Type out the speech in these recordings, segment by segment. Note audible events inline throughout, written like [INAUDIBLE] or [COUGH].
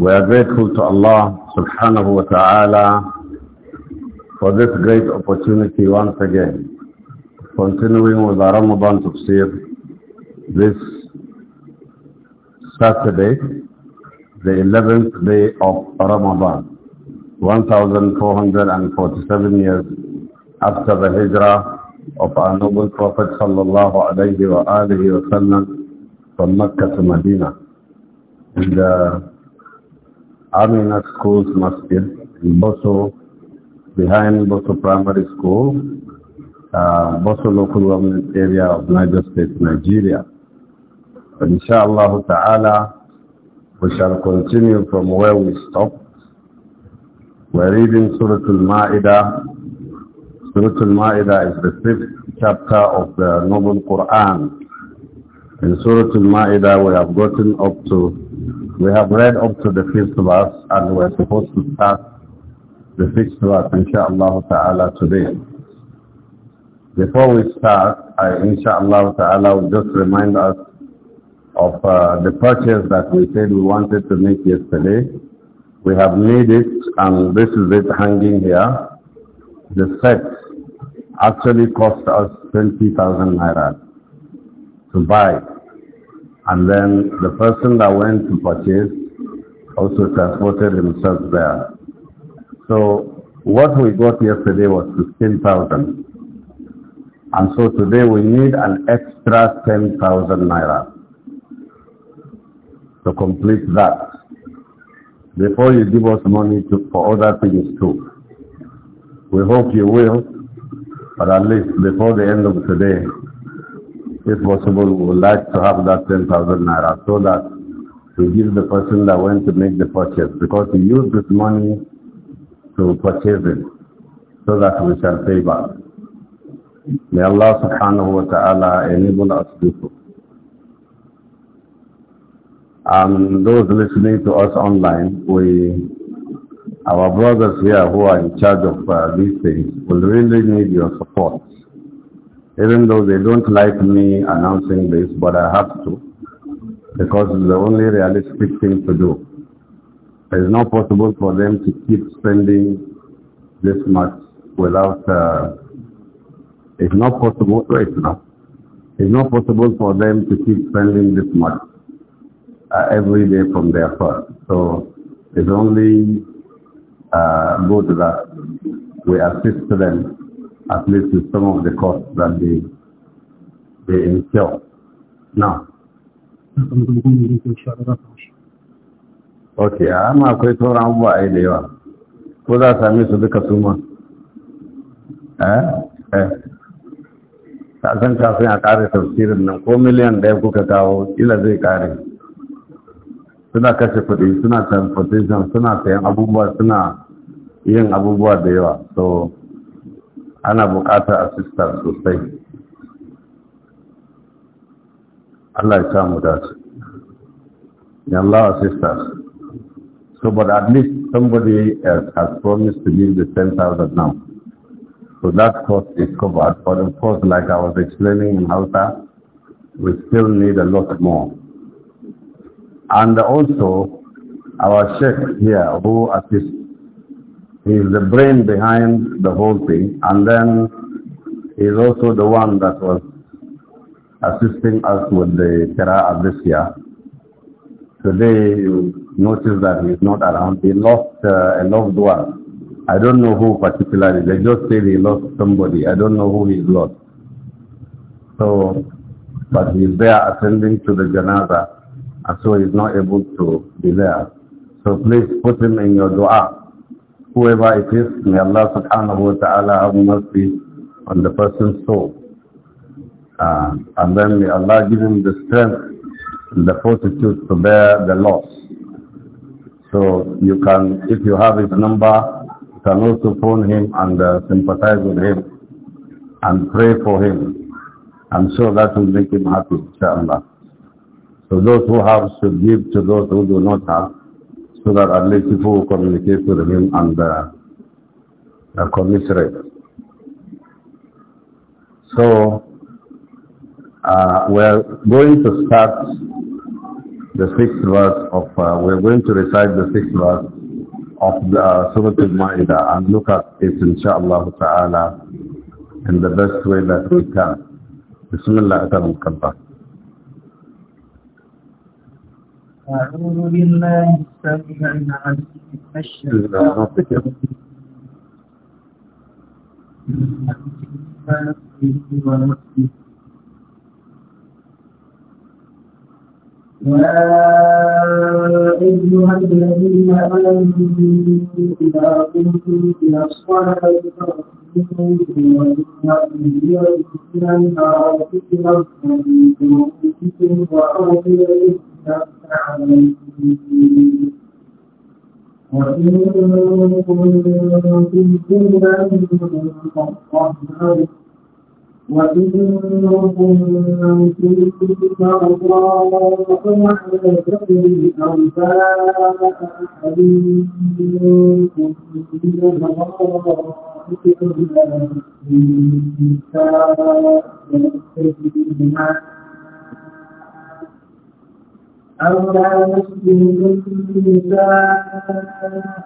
We are grateful to Allah subhanahu wa ta'ala for this great opportunity once again. Continuing with our Ramadan tafsir this Saturday, the 11th day of Ramadan, 1447 years after the hijrah of our noble Prophet sallallahu alayhi wa alihi wa sallam from Mecca to Medina. And uh, Amina Schools Masjid in Boso, behind Boso Primary School, uh, Boso Local Government Area of Niger State, Nigeria. And inshallah ta'ala, we shall continue from where we stopped. We're reading Surah Al-Ma'idah. Surah Al-Ma'idah is the fifth chapter of the Noble Quran. In Surah Al-Ma'idah we have gotten up to we have read up to the fifth verse and we're supposed to start the fifth verse inshaAllah ta'ala today. Before we start, I inshallah ta'ala will just remind us of uh, the purchase that we said we wanted to make yesterday. We have made it and this is it hanging here. The set actually cost us 20,000 naira to buy and then the person that went to purchase also transported himself there. So what we got yesterday was 15,000. And so today we need an extra 10,000 naira to complete that before you give us money to, for other things too. We hope you will, but at least before the end of today, if possible, we would like to have that 10,000 naira so that we give the person that went to make the purchase because he used this money to purchase it so that we shall pay back. May Allah subhanahu wa ta'ala enable us people. And those listening to us online, we, our brothers here who are in charge of uh, these things, will really need your support even though they don't like me announcing this, but I have to, because it's the only realistic thing to do. It's not possible for them to keep spending this much without, uh, it's not possible, wait now, it's not possible for them to keep spending this much uh, every day from their first. So it's only uh, good that we assist them at least with some of the costs that they they incur. Now. Okay, amma akwai sauran abubuwa a da yawa, ko za a same su duka suma? Eh? Eh? Ta san kafin a ƙare tafsirin nan ko miliyan ɗaya kuka kawo, ila zai ƙare. Suna kashe kuɗi, suna transportation, suna sayan abubuwa, suna yin abubuwa da yawa. So, ana bukatar assistance sosai Allah ya samu dace in Allah assistance so but at least somebody has, has promised to give the 10,000 now so that cost is covered but of course like I was explaining in Hausa we still need a lot more and also our sheikh here who assists he is the brain behind the whole thing. And then he is also the one that was assisting us with the Qira'ah this year. Today you notice that he is not around. He lost uh, a loved one. I don't know who particularly. They just say he lost somebody. I don't know who he lost. So, but he is there attending to the janaza and so he's not able to be there. So please put him in your dua whoever it is, may Allah subhanahu wa ta'ala have mercy on the person's soul. Uh, and then may Allah give him the strength and the fortitude to bear the loss. So you can, if you have his number, you can also phone him and uh, sympathize with him and pray for him. I'm sure that will make him happy, inshallah. So those who have should give to those who do not have so that at least people will communicate with him and uh, uh, commiserate. So uh, we're going to start the sixth verse of, uh, we're going to recite the sixth verse of the uh, Surah Al-Ma'idah and look at it inshallah ta'ala in the best way that we can. Bismillah ar-Rahman أعوذ بالله السميع العليم من الشيطان يا الذين آمنوا إذا قمتم إلى الصلاة فاغسلوا وجوهكم إلى الكفر وأرجلكم وإن كنتم كلا وإن كنتم مرضى أو على سبيل أو جاء أحد منكم من الغائط إلا إن شاء الله أو لا يسجدكم النساء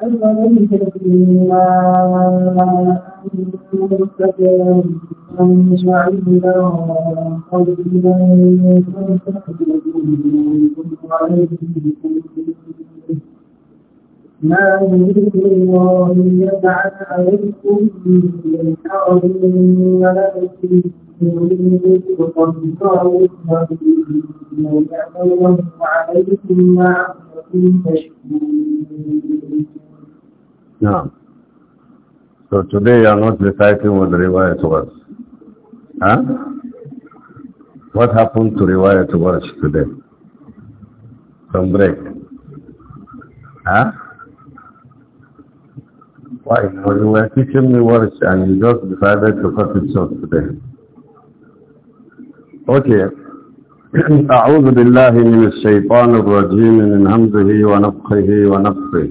فليس فيما مستقيم من شعيرا قليلا ما يريد الله يجعل عليكم من حرب ولا يكفيكم Yeah. So today you are not reciting with the Warsh. Huh? What happened to Riwayat Warsh today? Some break. Huh? Why? Well, you were teaching me words and you just decided to cut it short today. اوكي [CLEARS THROAT] أعوذ بالله من الشيطان الرجيم من همزه ونفخه ونفخه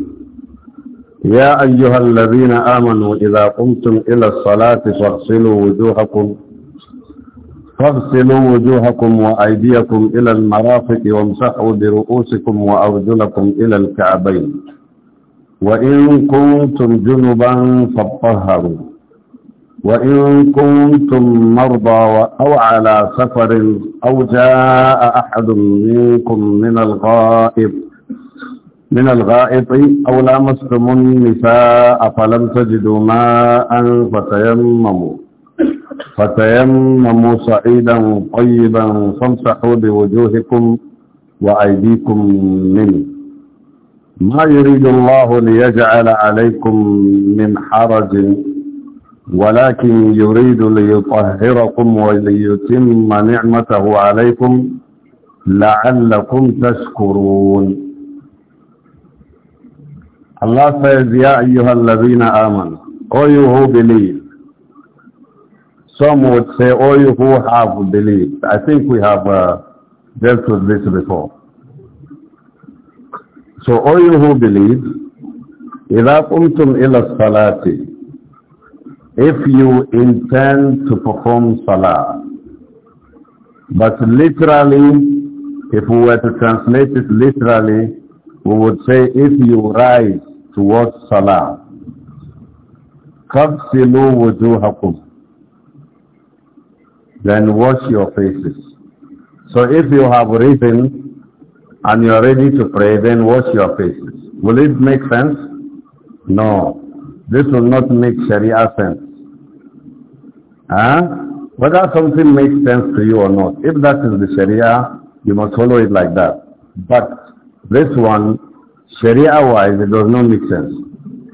يا أيها الذين آمنوا إذا قمتم إلى الصلاة فاغسلوا وجوهكم فاغسلوا وجوهكم وأيديكم إلى المرافق وامسحوا برؤوسكم وأرجلكم إلى الكعبين وإن كنتم جنبا فاطهروا وإن كنتم مرضى أو على سفر أو جاء أحد منكم من الغائب من الغائط أو لامستم النساء فلم تجدوا ماء فتيمموا فتيمموا صعيدا طيبا فامسحوا بوجوهكم وأيديكم منه ما يريد الله ليجعل عليكم من حرج ولكن يريد ليطهركم وليتم نعمته عليكم لعلكم تشكرون Allah says, يا أيها ladhina آمنوا O you who believe. Some would say, O you who have believed. I think we have uh, dealt with this before. So, O you who believe, إِذَا قُمْتُمْ إِلَى الصَّلَاةِ if you intend to perform salah. But literally, if we were to translate it literally, we would say if you rise towards salah, قَبْسِلُوا وُجُوهَكُمْ Then wash your faces. So if you have risen and you are ready to pray, then wash your faces. Will it make sense? No. This will not make Sharia sense. Huh? Whether something makes sense to you or not, if that is the Sharia, you must follow it like that. But this one, Sharia-wise, it does not make sense.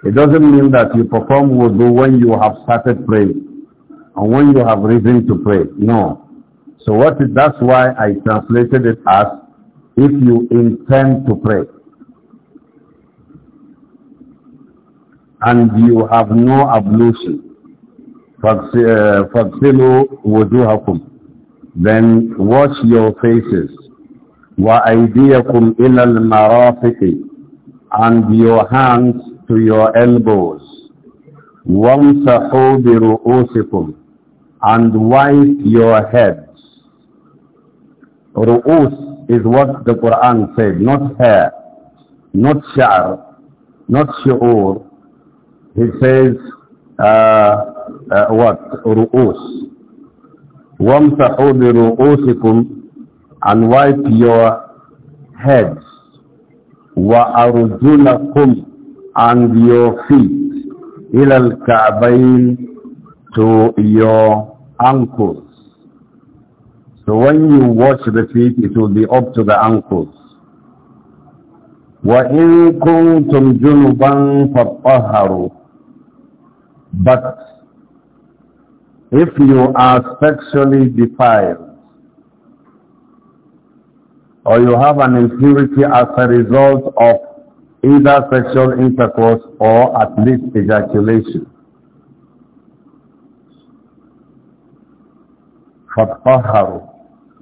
It doesn't mean that you perform wudu when you have started praying and when you have reason to pray. No. So what is, that's why I translated it as if you intend to pray. and you have no ablution. فَاغْسِلُوا وُجُوهَكُمْ uh, Then wash your faces. وَأَيْدِيَكُمْ إِلَى الْمَرَافِقِ And your hands to your elbows. وَامْسَحُوا بِرُؤُوسِكُمْ And wipe your heads. Ru'us is what the Quran said, not hair, not sha'r, not shu'ur, he says, uh, uh, what? Ru'us. وَامْسَحُوا بِرُؤُوسِكُمْ And wipe your heads. وَأَرْجُلَكُمْ And your feet. إِلَى الْكَعْبَيْنِ To your ankles. So when you wash the feet, it will be up to the ankles. وَإِن كُنْتُمْ جُنُبًا فَطَهَّرُوا but if you are sexually defiled, or you have an impurity as a result of either sexual intercourse or at least ejaculation.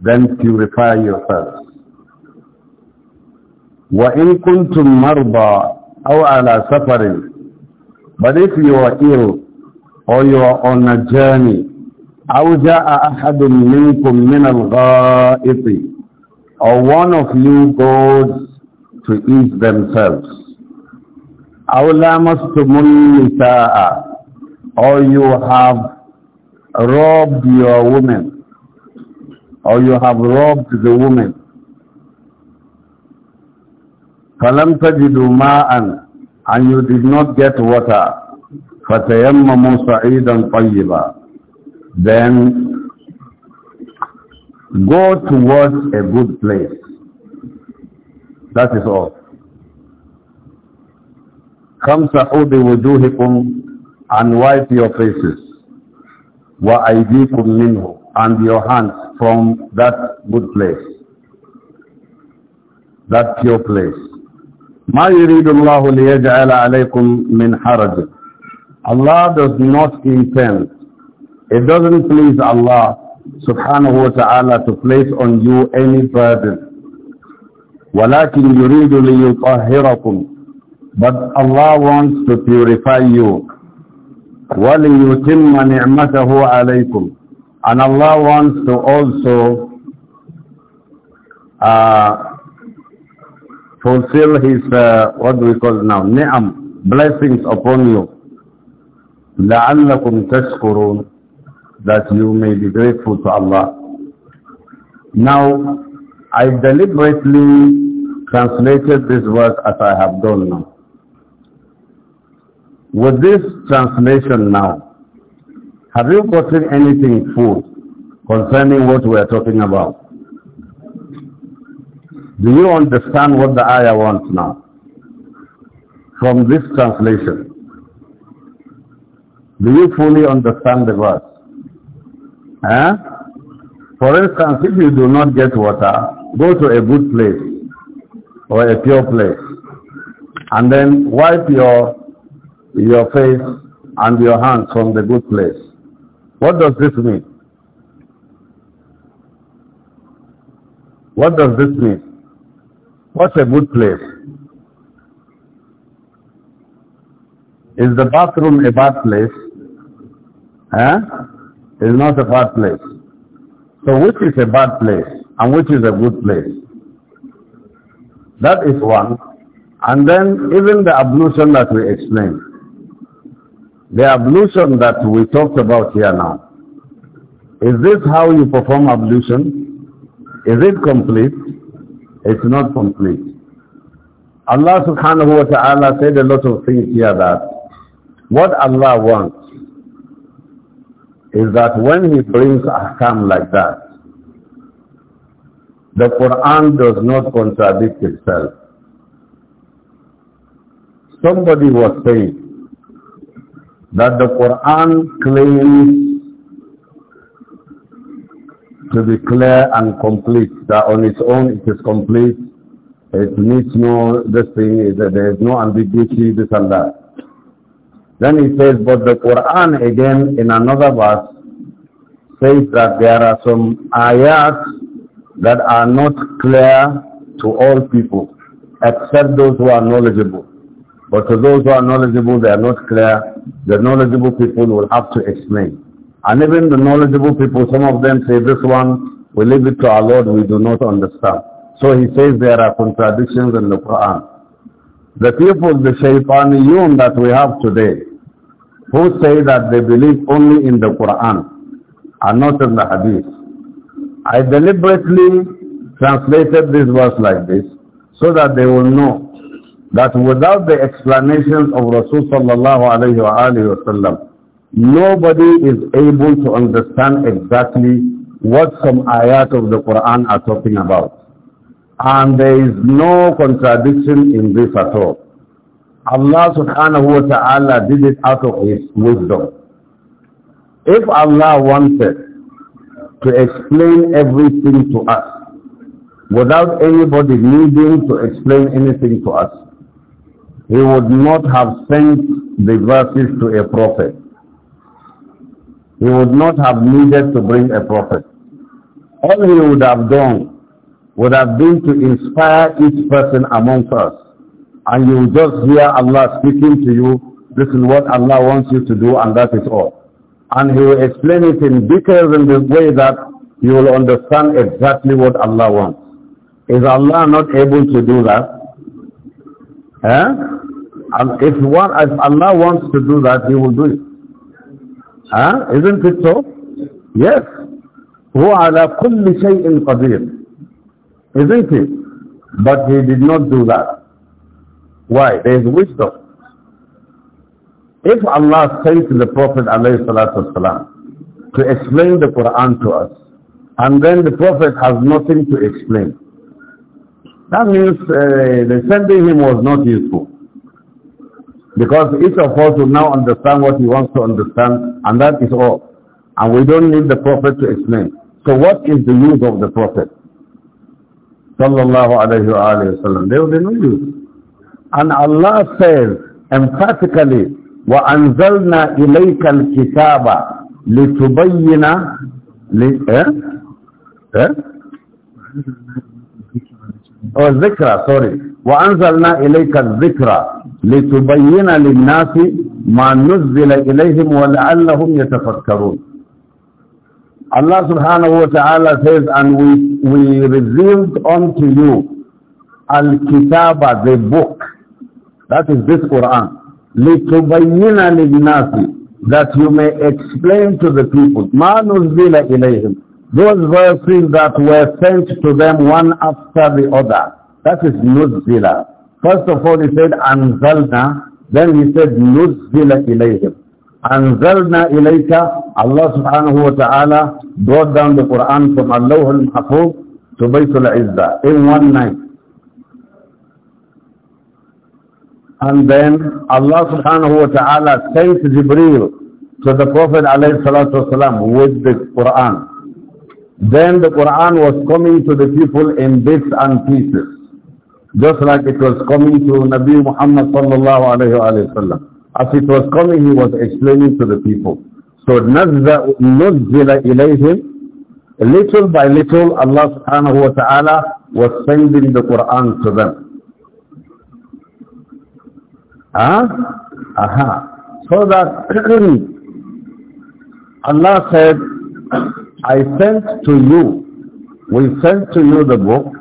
Then purify yourself. وَإِن كُنْتُمْ مَرْضَى أَوْ عَلَى سَفَرٍ but if you are ill or you are on a journey, أو أحد منكم من الغائط or one of you goes to eat themselves. أو لامستم النساء or you have robbed your woman or you have robbed the woman فلم تجدوا ماءً and you did not get water, فَتَيَمَّمُوا سَعِيدًا طَيِّبًا Then go towards a good place. That is all. Come holy بِوُجُوهِكُمْ And wipe your faces. وَأَيْدِيكُمْ مِنْهُ And your hands from that good place. That pure place. ما يريد الله ليجعل عليكم من حرج Allah does not intend it doesn't please Allah subhanahu wa ta'ala to place on you any burden ولكن يريد ليطهركم but Allah wants to purify you وليتم نعمته عليكم and Allah wants to also uh, fulfill his, uh, what we call now, ni'am, blessings upon you. لَعَلَّكُمْ تَشْكُرُونَ That you may be grateful to Allah. Now, I deliberately translated this verse as I have done now. With this translation now, have you gotten anything full concerning what we are talking about? Do you understand what the ayah wants now? From this translation. Do you fully understand the verse? Huh? For instance, if you do not get water, go to a good place or a pure place and then wipe your your face and your hands from the good place. What does this mean? What does this mean? What's a good place? Is the bathroom a bad place? Huh? It's not a bad place. So which is a bad place and which is a good place? That is one. And then even the ablution that we explained. The ablution that we talked about here now. Is this how you perform ablution? Is it complete? It's not complete. Allah subhanahu wa ta'ala said a lot of things here that what Allah wants is that when he brings a ahkam like that, the Quran does not contradict itself. Somebody was saying that the Quran claims to be clear and complete, that on its own it is complete. It needs no, this thing, there is no ambiguity, this and that. Then he says, but the Quran again in another verse says that there are some ayat that are not clear to all people, except those who are knowledgeable. But to those who are knowledgeable, they are not clear. The knowledgeable people will have to explain. And even the knowledgeable people, some of them say, this one, we leave it to our Lord, we do not understand. So he says there are contradictions in the Quran. The people, the shaytaniyun that we have today, who say that they believe only in the Quran and not in the Hadith. I deliberately translated this verse like this so that they will know that without the explanations of Rasulullah sallallahu alayhi wa Nobody is able to understand exactly what some ayat of the Quran are talking about. And there is no contradiction in this at all. Allah subhanahu wa ta'ala did it out of his wisdom. If Allah wanted to explain everything to us, without anybody needing to explain anything to us, he would not have sent the verses to a prophet he would not have needed to bring a prophet. All he would have done would have been to inspire each person amongst us. And you just hear Allah speaking to you, this is what Allah wants you to do and that is all. And he will explain it in details in the way that you will understand exactly what Allah wants. Is Allah not able to do that? Eh? And if, one, if Allah wants to do that, he will do it. Huh? Isn't it so? Yes. هو على كل شيء قدير. Isn't it? But he did not do that. Why? There is wisdom. If Allah says to the Prophet والسلام, to explain the Quran to us, and then the Prophet has nothing to explain, that means uh, the sending him was not useful. Because each of us will now understand what he wants to understand, and that is all. And we don't need the Prophet to explain. So what is the use of the Prophet? Sallallahu alayhi wa alayhi There will be no use. And Allah says emphatically, وَأَنزَلْنَا إِلَيْكَ الْكِتَابَ لِتُبَيِّنَ ل... eh? Eh? أو الذكرى سوري وأنزلنا إليك الذكرى لتبين للناس ما نزل إليهم ولعلهم يتفكرون Allah subhanahu wa ta'ala says, and we, we revealed unto you al the book. That is this Quran. لِتُبَيِّنَ لِلنَّاسِ That you may explain to the people. مَا نُزِّلَ إِلَيْهِمْ Those verses that were sent to them one after the other. That is Nuzila. First of all, he said Anzalna. Then he said Nuzila ilayhim. Anzalna ilayka. Allah subhanahu wa ta'ala brought down the Quran from Allah al-Mahfuz to Baytul Izzah in one night. And then Allah subhanahu wa ta'ala sent Jibreel to the Prophet alayhi salatu with the Quran. Then the Quran was coming to the people in bits and pieces, just like it was coming to Nabi Muhammad sallallahu alayhi wa sallam. As it was coming, he was explaining to the people. So نزل إليهم little by little Allah subhanahu wa ta'ala was sending the Quran to them. Huh? Aha. So that [CLEARS THROAT] Allah said I sent to you, we sent to you the book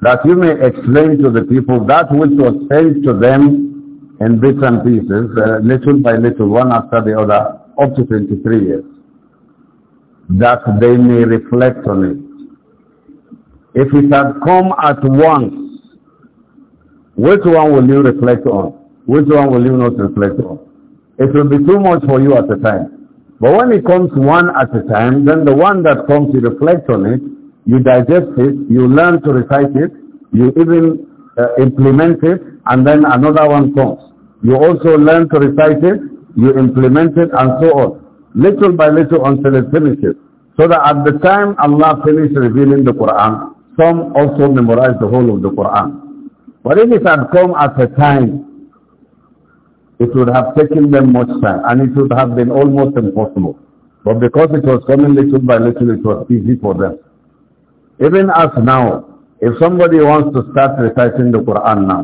that you may explain to the people that which was sent to them in bits and pieces, uh, little by little, one after the other, up to 23 years, that they may reflect on it. If it had come at once, which one will you reflect on? Which one will you not reflect on? It will be too much for you at the time. But when it comes one at a time, then the one that comes, you reflect on it, you digest it, you learn to recite it, you even uh, implement it, and then another one comes. You also learn to recite it, you implement it, and so on. Little by little until it finishes. So that at the time Allah finished revealing the Quran, some also memorize the whole of the Quran. But if it had come at a time it would have taken them much time and it would have been almost impossible. But because it was coming little by little, it was easy for them. Even as now, if somebody wants to start reciting the Quran now,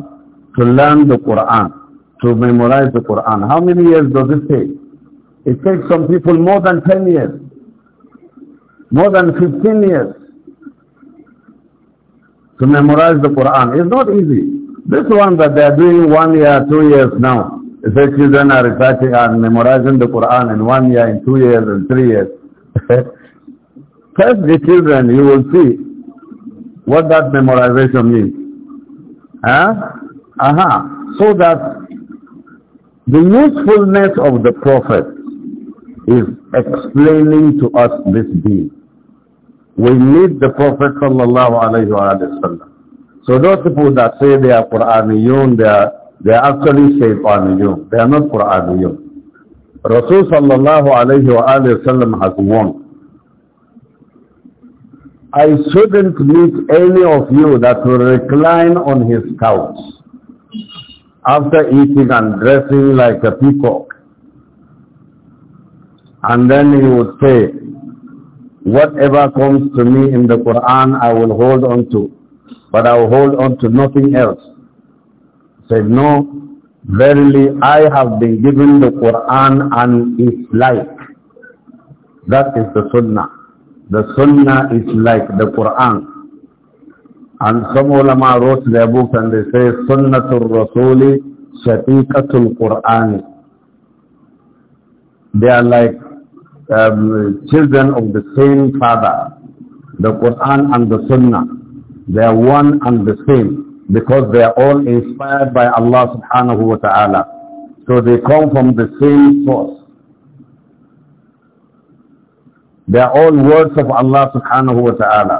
to learn the Quran, to memorize the Quran, how many years does it take? It takes some people more than 10 years, more than 15 years to memorize the Quran. It's not easy. This one that they are doing one year, two years now, if children are reciting and memorizing the Quran in one year, in two years, in three years, test [LAUGHS] the children, you will see what that memorization means. Huh? Aha. Uh -huh. So that the usefulness of the Prophet is explaining to us this deed. We need the Prophet sallallahu alayhi wa So those people that say they are Quraniyun, they are they are actually shaytaniyun. They are not Quraniyun. Rasul sallallahu alayhi wa alayhi wa has warned. I shouldn't meet any of you that will recline on his couch after eating and dressing like a peacock. And then he would say, whatever comes to me in the Quran, I will hold on to, but I will hold on to nothing else said, No, verily I have been given the Quran and its like. That is the Sunnah. The Sunnah is like the Quran. And some ulama wrote their books and they say, to Rasuli, Shatiqatul Quran. They are like um, children of the same father. The Quran and the Sunnah. They are one and the same because they are all inspired by Allah subhanahu wa ta'ala. So they come from the same source. They are all words of Allah subhanahu wa ta'ala.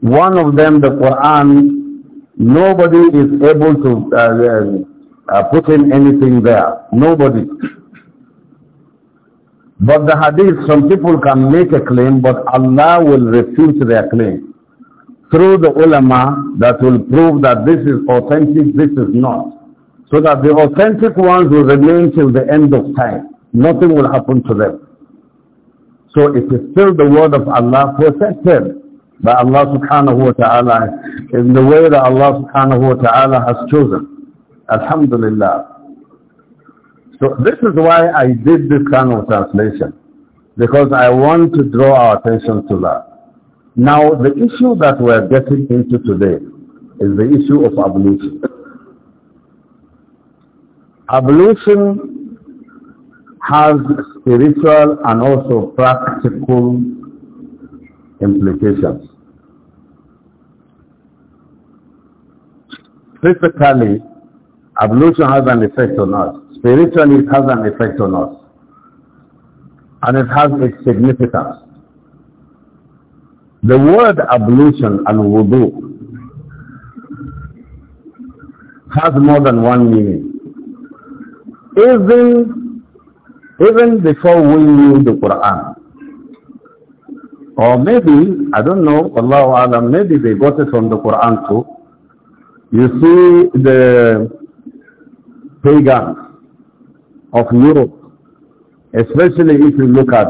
One of them, the Quran, nobody is able to uh, uh, uh put in anything there. Nobody. But the hadith, some people can make a claim, but Allah will refute their claim through the ulama that will prove that this is authentic, this is not. So that the authentic ones will remain till the end of time. Nothing will happen to them. So it is still the word of Allah protected by Allah subhanahu wa ta'ala in the way that Allah subhanahu wa ta'ala has chosen. Alhamdulillah. So this is why I did this kind of translation. Because I want to draw our attention to that. Now, the issue that we're getting into today is the issue of ablution. Ablution has spiritual and also practical implications. Physically, ablution has an effect on us. Spiritually, it has an effect on us. And it has its significance. The word ablution and wudu has more than one meaning. Even, even before we knew the Quran, or maybe, I don't know, Allah Alam, maybe they got it from the Quran too. You see the pagans of Europe, especially if you look at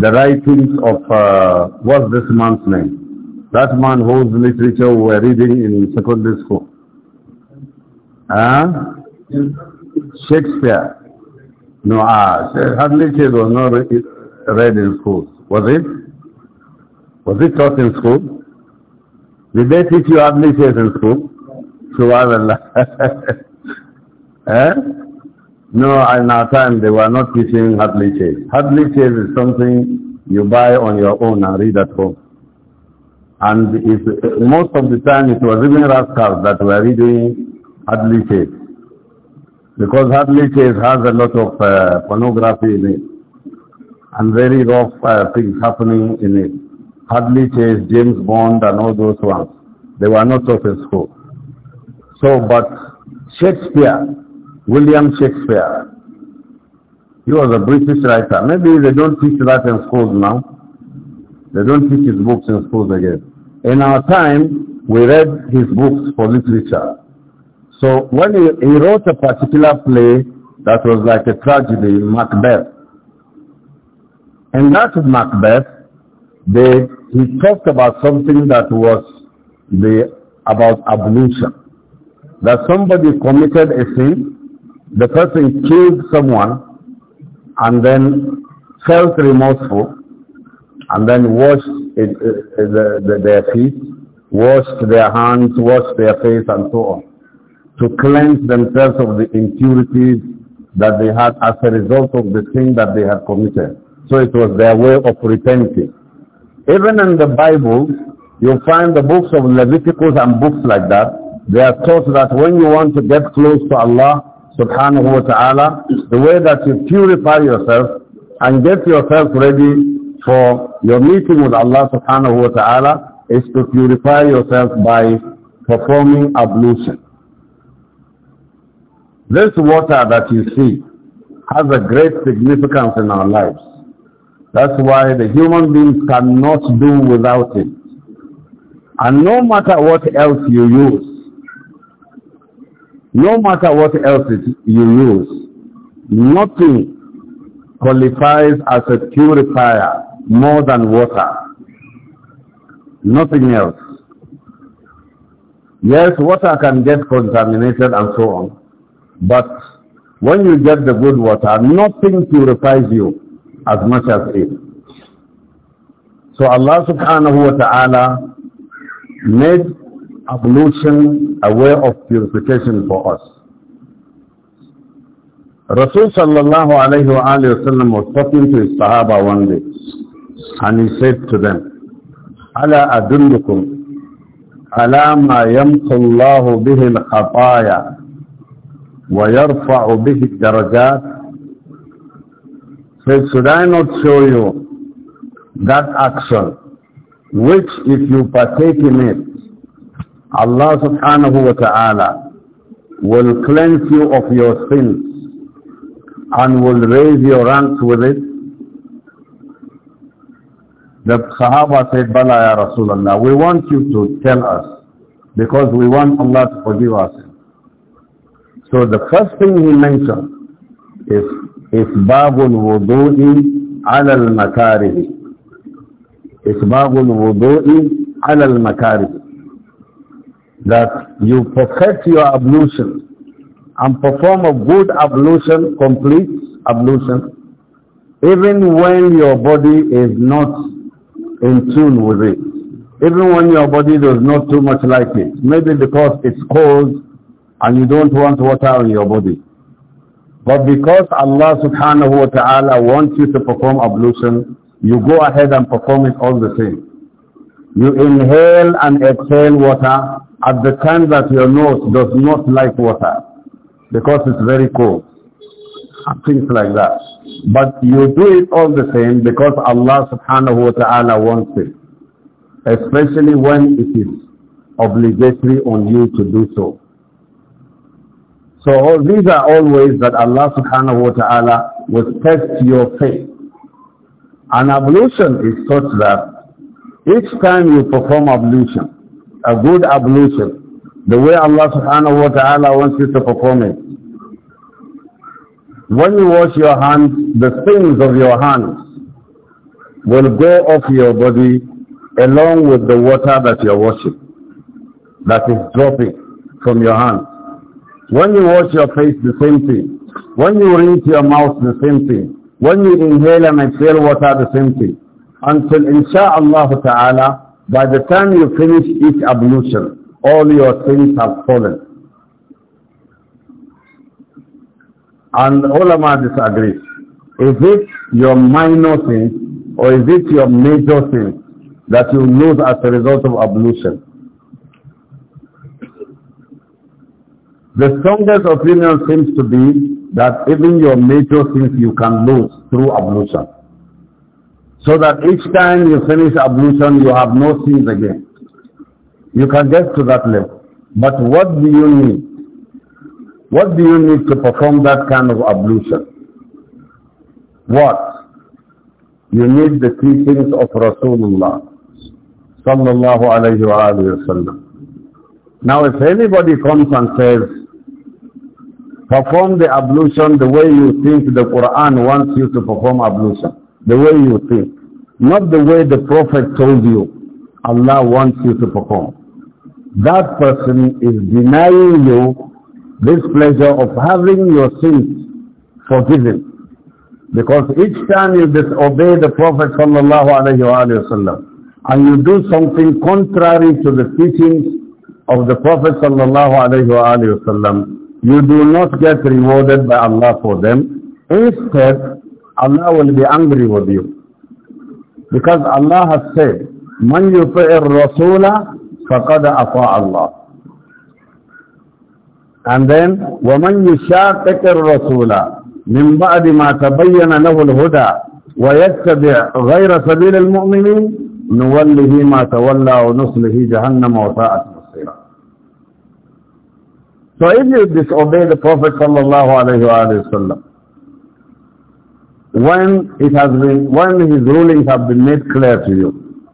the writings of, uh, what's this man's name? That man whose literature we were reading in secondary school. Huh? Shakespeare. No, ah, hardly literature was not read in school. Was it? Was it taught in school? Did they teach you literature in school? will. [LAUGHS] eh? [LAUGHS] No, in our time they were not teaching hardly chase. Hardly chase is something you buy on your own and read at home. And most of the time it was even rascals that were reading hardly chase. Because hardly chase has a lot of uh, pornography in it and very rough uh, things happening in it. Hardly chase, James Bond and all those ones. They were not of a school. So, but Shakespeare William Shakespeare. He was a British writer. Maybe they don't teach that in schools now. They don't teach his books in schools again. In our time, we read his books for literature. So when he, he wrote a particular play that was like a tragedy, Macbeth. And that Macbeth, they, he talked about something that was the, about abolition. That somebody committed a sin the person killed someone and then felt remorseful and then washed it, uh, the, the, their feet, washed their hands, washed their face and so on to cleanse themselves of the impurities that they had as a result of the sin that they had committed. So it was their way of repenting. Even in the Bible, you find the books of Leviticus and books like that. They are taught that when you want to get close to Allah, subhanahu wa ta'ala, the way that you purify yourself and get yourself ready for your meeting with Allah subhanahu wa ta'ala is to purify yourself by performing ablution. This water that you see has a great significance in our lives. That's why the human beings cannot do without it. And no matter what else you use, no matter what else it, you use, nothing qualifies as a purifier more than water. Nothing else. Yes, water can get contaminated and so on. But when you get the good water, nothing purifies you as much as it. So Allah subhanahu wa ta'ala made ablution a way of purification for us. Rasul sallallahu alayhi wa, alayhi wa sallam was talking to his Sahaba one day and he said to them, Ala adullukum ala ma yamtu Allahu bihi al-khataya wa yarfa'u bihi darajat Said, should I not show you that action which if you partake in it Allah subhanahu wa ta'ala will cleanse you of your sins and will raise your ranks with it. The Sahaba said, Bala ya Rasulallah, we want you to tell us because we want Allah to forgive us. So the first thing he mentioned is إسباب الوضوء على المكاره إسباب الوضوء على المكاره that you perfect your ablution and perform a good ablution, complete ablution, even when your body is not in tune with it. Even when your body does not too much like it, maybe because it's cold and you don't want water in your body. But because Allah subhanahu wa ta'ala wants you to perform ablution, you go ahead and perform it all the same. You inhale and exhale water at the time that your nose does not like water because it's very cold. Things like that. But you do it all the same because Allah subhanahu wa ta'ala wants it. Especially when it is obligatory on you to do so. So these are all ways that Allah subhanahu wa ta'ala will test your faith. And ablution is such that each time you perform ablution, a good ablution, the way Allah subhanahu wa ta'ala wants you to perform it. When you wash your hands, the stains of your hands will go off your body along with the water that you're washing, that is dropping from your hands. When you wash your face, the same thing. When you rinse your mouth, the same thing. When you inhale and exhale water, the same thing. Until insha'Allah ta'ala, by the time you finish each ablution, all your sins have fallen. And ulama disagrees. Is it your minor sins or is it your major sins that you lose as a result of ablution? The strongest opinion seems to be that even your major sins you can lose through ablution. So that each time you finish ablution, you have no sins again. You can get to that level. But what do you need? What do you need to perform that kind of ablution? What? You need the teachings of Rasulullah sallallahu alayhi wa sallam. Now if anybody comes and says, perform the ablution the way you think the Quran wants you to perform ablution, the way you think, not the way the Prophet told you Allah wants you to perform. That person is denying you this pleasure of having your sins forgiven. Because each time you disobey the Prophet sallallahu alayhi and you do something contrary to the teachings of the Prophet sallallahu alayhi you do not get rewarded by Allah for them. Instead, Allah will be angry with you. Because Allah has said, من يطع الرسول فقد أطاع الله. And then, ومن يشاقق الرسول من بعد ما تبين له الهدى ويتبع غير سبيل المؤمنين نوله ما تولى ونصله جهنم وساءت مصيرا. So if you disobey the Prophet sallallahu alayhi wa sallam, when it has been, when his rulings have been made clear to you.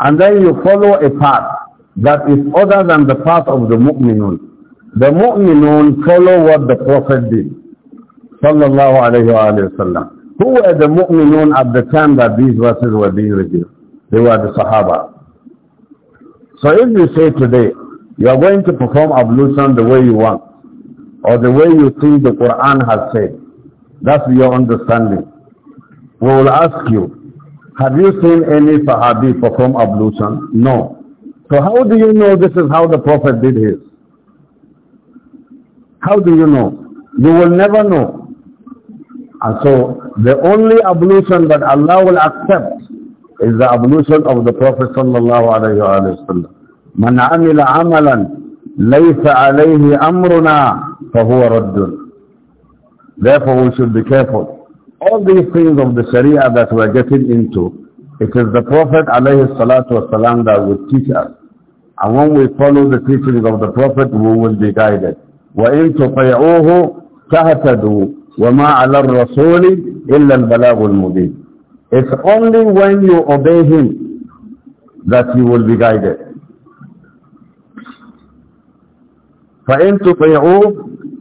And then you follow a path that is other than the path of the mu'minun. The mu'minun follow what the Prophet did. Sallallahu alayhi wa sallam. Who were the mu'minun at the time that these verses were being revealed? They were the Sahaba. So if you say today, you are going to perform ablution the way you want, or the way you think the Quran has said, that's your understanding we will ask you, have you seen any Sahabi perform ablution? No. So how do you know this is how the Prophet did his? How do you know? You will never know. And so the only ablution that Allah will accept is the ablution of the Prophet sallallahu alayhi wa sallam. من عمل عملا ليس عليه أمرنا فهو رد. Therefore we should be careful all these things of the Sharia that we're getting into, it is the Prophet والسلام, that will teach us. And when we follow the teachings of the Prophet, we will be guided. وَإِن تُطَيَعُوهُ تَهْتَدُوا وَمَا عَلَى الرَّسُولِ إِلَّا الْبَلَاغُ الْمُبِينُ It's only when you obey him that you will be guided. فَإِن تُطَيَعُوهُ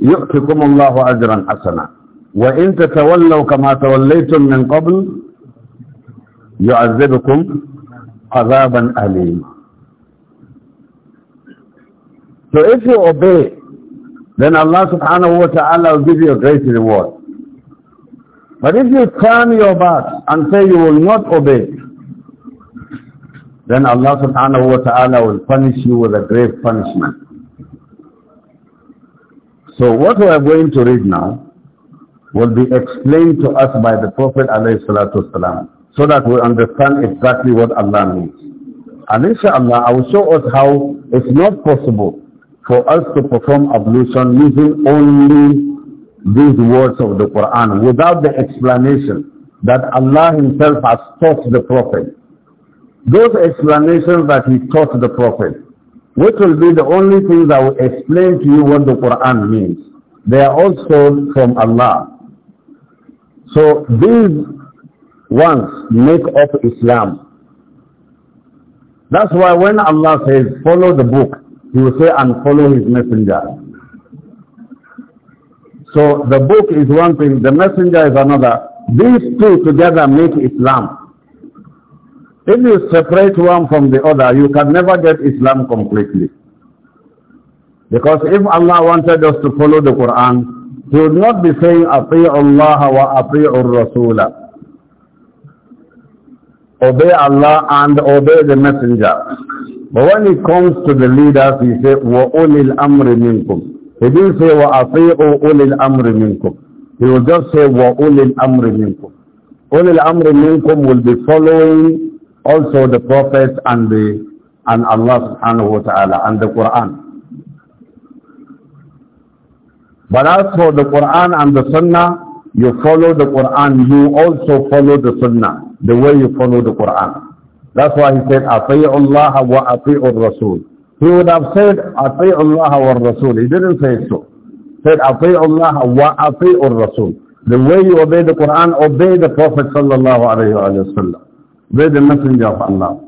يُؤْتِكُمُ اللَّهُ أَجْرًا حَسَنًا وإن تتولوا كما توليتم من قبل يعذبكم عذابا أليما So if you obey, then Allah subhanahu wa ta'ala will give you a great reward. But if you turn your back and say you will not obey, then Allah subhanahu wa ta'ala will punish you with a grave punishment. So what we are going to read now will be explained to us by the Prophet والسلام, so that we understand exactly what Allah means. And inshallah, I will show us how it's not possible for us to perform ablution using only these words of the Quran without the explanation that Allah himself has taught the Prophet. Those explanations that he taught the Prophet, which will be the only things I will explain to you what the Quran means. They are also from Allah. So these ones make up Islam. That's why when Allah says, follow the book, he will say, and follow his messenger. So the book is one thing, the messenger is another. These two together make Islam. If you separate one from the other, you can never get Islam completely. Because if Allah wanted us to follow the Quran, he would not be saying, أَطِيعُ اللَّهَ وَأَطِيعُ الرَّسُولَ obey Allah and obey the messenger. But when it comes to the leaders, he said, وَأُولِي الْأَمْرِ مِنْكُمْ He didn't say, وَأَطِيعُوا أُولِي الْأَمْرِ مِنْكُمْ He will just say, وَأُولِي الْأَمْرِ مِنْكُمْ أُولِي الْأَمْرِ مِنْكُمْ will be following also the prophets and the and Allah subhanahu wa ta'ala and the Quran. But as for the Quran and the Sunnah, you follow the Quran, you also follow the Sunnah, the way you follow the Quran. That's why he said, Allah wa Ati'ur Rasul. He would have said, Allah wa Rasul. He didn't say so. He said, Allah wa Ati'ur Rasul. The way you obey the Quran, obey the Prophet sallallahu alayhi wa sallam. Obey the Messenger of Allah.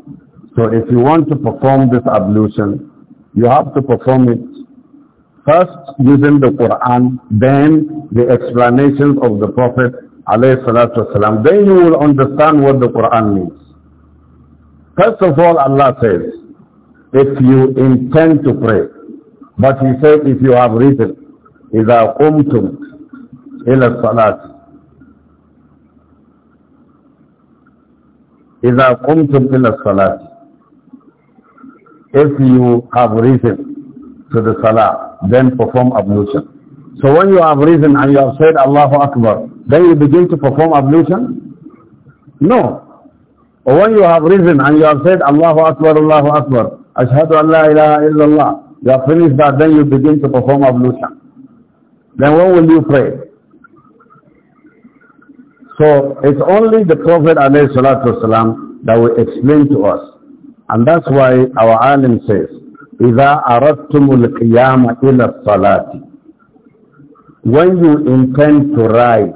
So if you want to perform this ablution, you have to perform it First using the Quran, then the explanations of the Prophet والسلام, then you will understand what the Quran means. First of all, Allah says, if you intend to pray, but he said if you have reason, إِذَا قُمْتُمْ إِلَى الصَّلَاةِ إِذَا قُمْتُمْ إِلَى الصَّلَاةِ If you have risen to the salah, then perform ablution. So when you have risen and you have said Allahu Akbar, then you begin to perform ablution? No. Or when you have risen and you have said Allahu Akbar, Allahu Akbar, Ashhadu an la ilaha illallah, you have finished that, then you begin to perform ablution. Then when will you pray? So it's only the Prophet ﷺ that will explain to us. And that's why our alim says, إذا أردتم القيام إلى when you intend to rise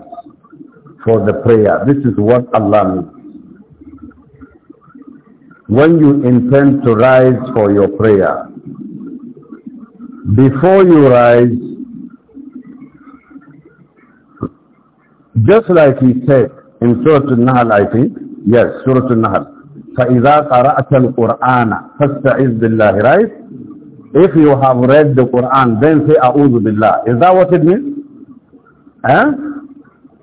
for the prayer this is what Allah means when you intend to rise for your prayer before you rise just like he said in Surah an nahl I think yes Surah an nahl فَإِذَا قَرَأْتَ الْقُرْآنَ فَاسْتَعِذْ بِاللَّهِ Right? If you have read the Quran, then say أَعُوذُ billah. Is that what it means? Eh?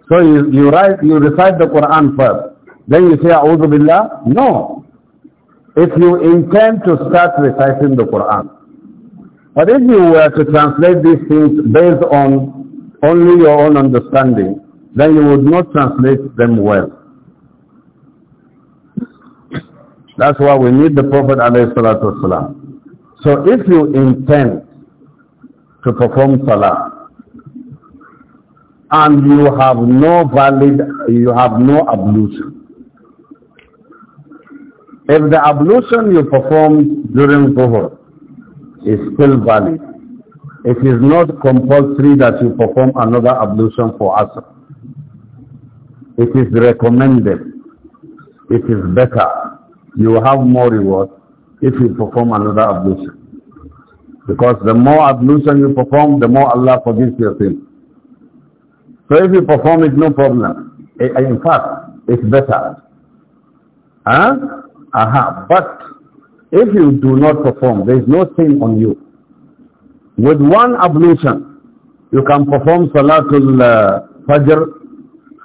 So you, you, write, you recite the Quran first. Then you say أَعُوذُ billah? No. If you intend to start reciting the Quran. But if you were to translate these things based on only your own understanding, then you would not translate them well. That's why we need the Prophet ﷺ. So if you intend to perform salah and you have no valid, you have no ablution. If the ablution you performed during Zuhur is still valid, it is not compulsory that you perform another ablution for Asr. It is recommended. It is better you will have more reward if you perform another ablution. Because the more ablution you perform, the more Allah forgives your sin. So if you perform it, no problem. Eh, eh, in fact, it's better. Huh? Aha. But if you do not perform, there is no sin on you. With one ablution, you can perform Salatul uh, Fajr,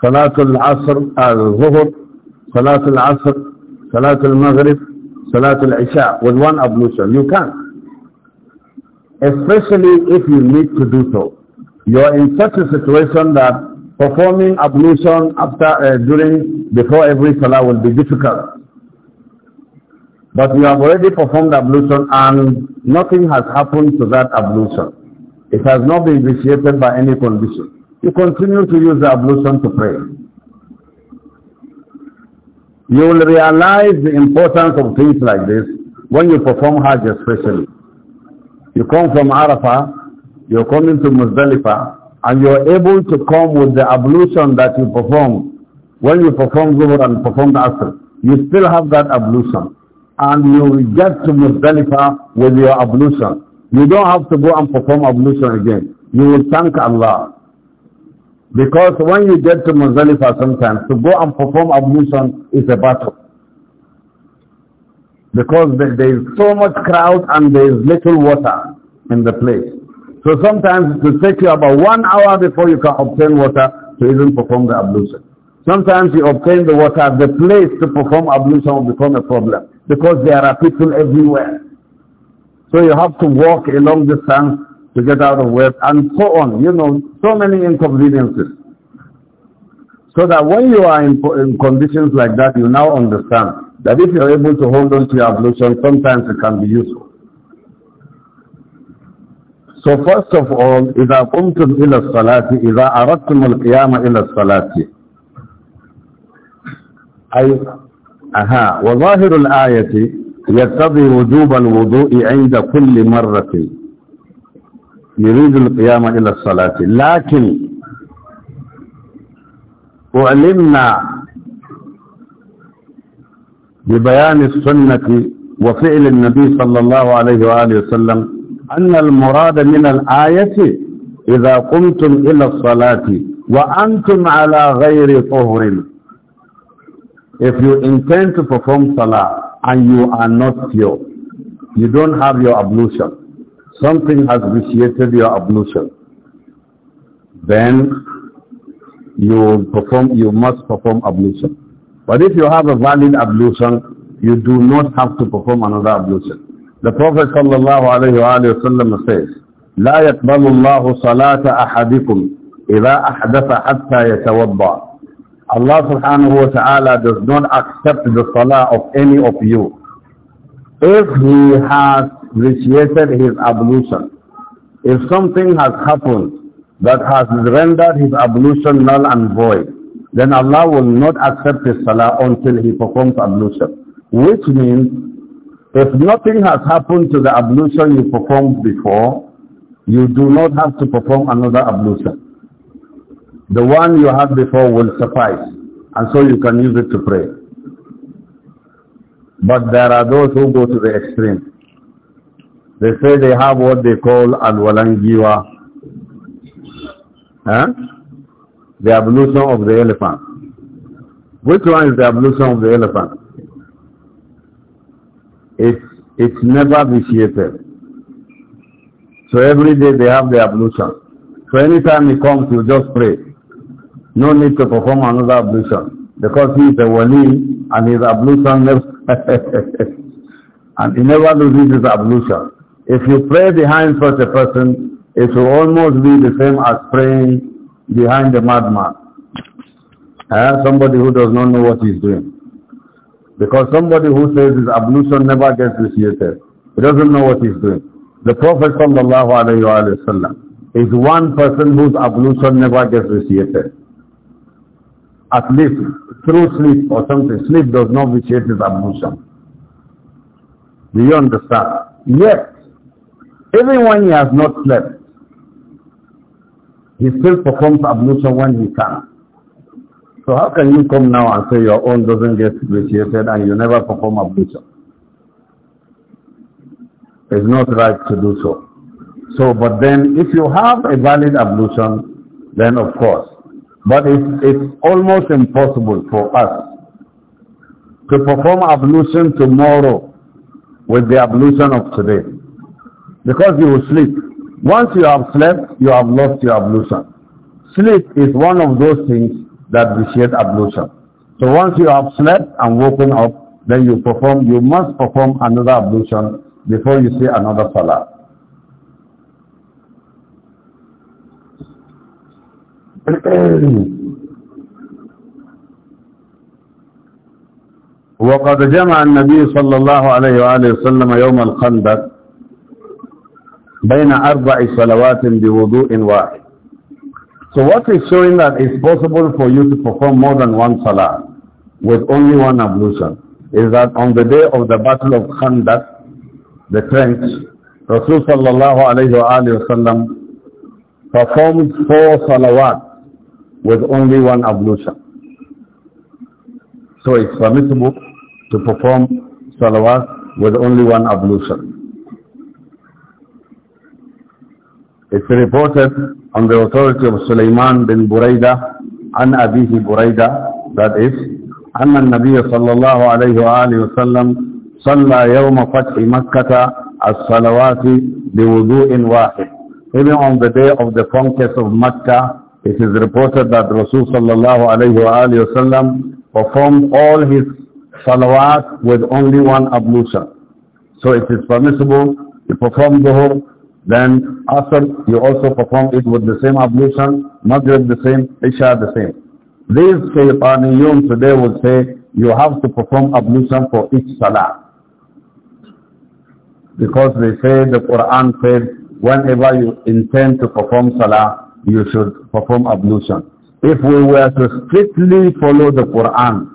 Salatul Asr, Al-Zuhur, uh, Salatul Asr, Salatul Maghrib, Salatul Isha with one ablution. You can. Especially if you need to do so. You are in such a situation that performing ablution after uh, during before every salah will be difficult but you have already performed ablution and nothing has happened to that ablution it has not been vitiated by any condition you continue to use the ablution to pray you will realize the importance of things like this when you perform Hajj especially. You come from Arafah, you're coming to Muzdalifah, and you're able to come with the ablution that you perform when you perform Zuhur and perform Asr. You still have that ablution. And you get to Muzdalifah with your ablution. You don't have to go and perform ablution again. You will thank Allah because when you get to Muzdalifah sometimes, to go and perform ablution is a battle. Because there is so much crowd and there is little water in the place. So sometimes it will take you about one hour before you can obtain water to even perform the ablution. Sometimes you obtain the water, the place to perform ablution will become a problem because there are people everywhere. So you have to walk along the distance to get out of work and so on. You know, so many inconveniences. So that when you are in, in conditions like that, you now understand that if you're able to hold on to your ablution, sometimes it can be useful. So first of all, إذا قمتم إلى الصلاة إذا أردتم القيام إلى الصلاة أي أها وظاهر الآية يقتضي وجوب الوضوء عند كل مرة يريد القيام إلى الصلاة لكن أعلمنا ببيان السنة وفعل النبي صلى الله عليه وآله وسلم أن المراد من الآية إذا قمتم إلى الصلاة وأنتم على غير طهر if you intend to perform salah and you are not pure you don't have your ablution something has vitiated your ablution, then you perform, you must perform ablution. But if you have a valid ablution, you do not have to perform another ablution. The Prophet sallallahu alayhi wa sallam says, لا يقبل الله صلاة أحدكم إذا أحدث حتى يتوضأ. Allah subhanahu wa ta'ala does not accept the salah of any of you if he has Appreciated his ablution. If something has happened that has rendered his ablution null and void, then Allah will not accept his salah until he performs ablution. Which means, if nothing has happened to the ablution you performed before, you do not have to perform another ablution. The one you had before will suffice, and so you can use it to pray. But there are those who go to the extreme. They say they have what they call al Huh? The ablution of the elephant. Which one is the ablution of the elephant? It's, it's never vitiated. So every day they have the ablution. So anytime he comes, you just pray. No need to perform another ablution. Because he is a wali and his ablution never... [LAUGHS] and he never loses his ablution. If you pray behind such a person, it will almost be the same as praying behind a madman. Uh, somebody who does not know what he's doing. Because somebody who says his ablution never gets vitiated. He doesn't know what he's doing. The Prophet sallallahu alayhi wa sallam is one person whose ablution never gets vitiated. At least through sleep or something. Sleep does not vitiate his ablution. Do you understand? Yes, even when he has not slept, he still performs ablution when he can. So how can you come now and say your own doesn't get appreciated and you never perform ablution? It's not right to do so. So, but then if you have a valid ablution, then of course. But it's, it's almost impossible for us to perform ablution tomorrow with the ablution of today because you will sleep. Once you have slept, you have lost your ablution. Sleep is one of those things that vitiate ablution. So once you have slept and woken up, then you perform, you must perform another ablution before you say another salah. [COUGHS] وقد جمع النبي صلى الله عليه وآله وسلم يوم الخندق بين أربع صلوات بوضوء واحد so what is showing that it's possible for you to perform more than one salah with only one ablution is that on the day of the battle of Khandaq the trench Rasul sallallahu alayhi wa sallam performed four salawat with only one ablution so it's permissible to perform salawat with only one ablution It's reported on the authority of Sulaiman bin Buraida, an Abihi Buraida, that is, أن النبي صلى الله عليه وآله وسلم صلى يوم فتح مكة الصلوات بوضوء واحد. Even on the day of the conquest of Mecca, it is reported that Rasul صلى alayhi wa وآله وسلم sallam performed all his salawat with only one ablution. So it is permissible to perform the whole. Then Asr, you also perform it with the same ablution, Maghrib the same, Isha the same. These shaytaniyun today will say, you have to perform ablution for each salah. Because they say, the Quran says whenever you intend to perform salah, you should perform ablution. If we were to strictly follow the Quran,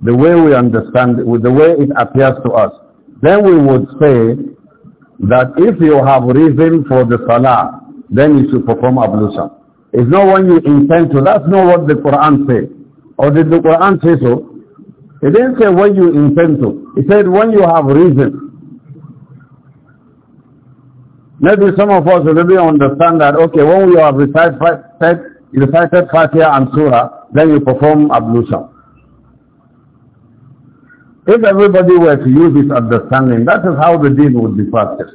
the way we understand it, with the way it appears to us, then we would say that if you have reason for the salah, then you should perform ablution. It's not when you intend to. That's not what the Quran says. Or did the Quran say so? It didn't say when you intend to. It said when you have reason. Maybe some of us really understand that, okay, when you have recited, recited Fatiha and Surah, then you perform ablution. If everybody were to use this understanding, that is how the deen would be practiced.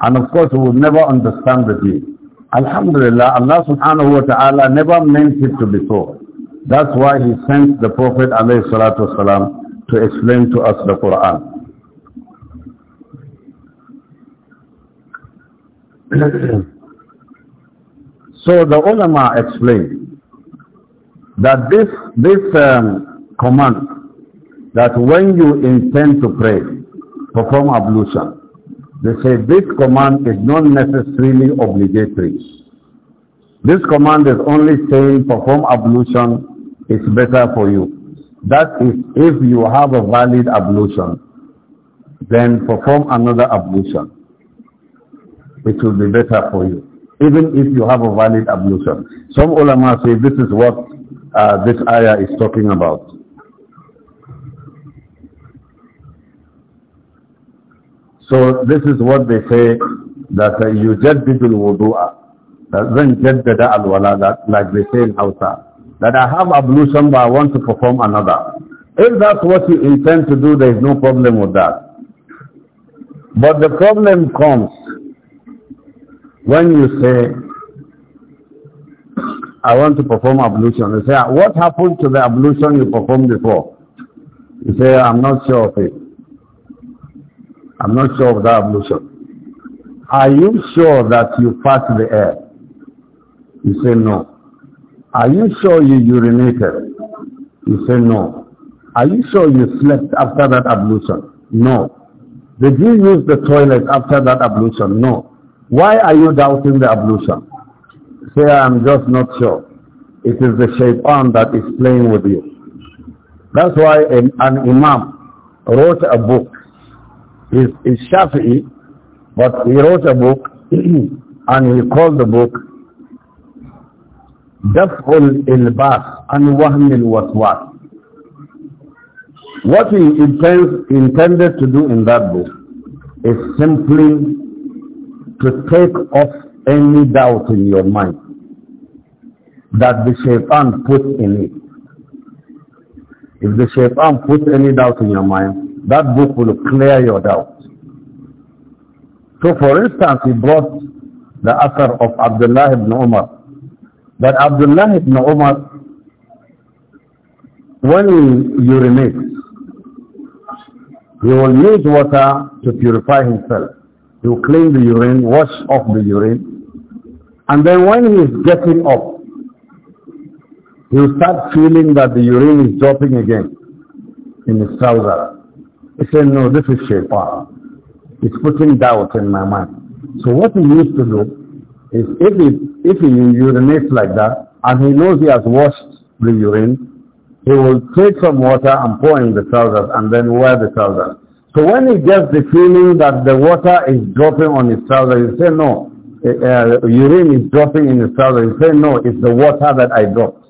And of course, we would never understand the deen. Alhamdulillah, Allah subhanahu wa ta'ala never meant it to be so. That's why he sent the Prophet alayhi salatu wasalam to explain to us the Quran. [CLEARS THROAT] so the ulama explained that this, this um, command that when you intend to pray, perform ablution. They say this command is not necessarily obligatory. This command is only saying perform ablution is better for you. That is if you have a valid ablution, then perform another ablution. It will be better for you, even if you have a valid ablution. Some ulama say this is what uh, this ayah is talking about. So this is what they say that uh, you people wudu'a. That then jaddada alwala, that, like they say in Hausa. That I have ablution but I want to perform another. If that's what you intend to do, there is no problem with that. But the problem comes when you say, I want to perform ablution. You say, what happened to the ablution you performed before? You say, I'm not sure of it. I'm not sure of that ablution. Are you sure that you passed the air? You say no. Are you sure you urinated? You say no. Are you sure you slept after that ablution? No. Did you use the toilet after that ablution? No. Why are you doubting the ablution? Say, I'm just not sure. It is the shaitan that is playing with you. That's why an, an imam wrote a book is, is Shafi'i, but he wrote a book [CLEARS THROAT] and he called the book Daf'ul Ilbas and Wahm al-Waswas. What he intends, intended to do in that book is simply to take off any doubt in your mind that the shaitan put in it. If the shaitan puts any doubt in your mind, that book will clear your doubts. So for instance, he brought the author of Abdullah ibn Umar. That Abdullah ibn Umar, when he urinates, he will use water to purify himself. He will clean the urine, wash off the urine. And then when he is getting up, he will start feeling that the urine is dropping again in his trousers. He said, no, this is shaitan. It's putting doubt in my mind. So what he used to do is if he, if he urinates like that and he knows he has washed the urine, he will take some water and pour in the trousers and then wear the trousers. So when he gets the feeling that the water is dropping on his trousers, he say, no, uh, urine is dropping in his trousers. He say, no, it's the water that I dropped.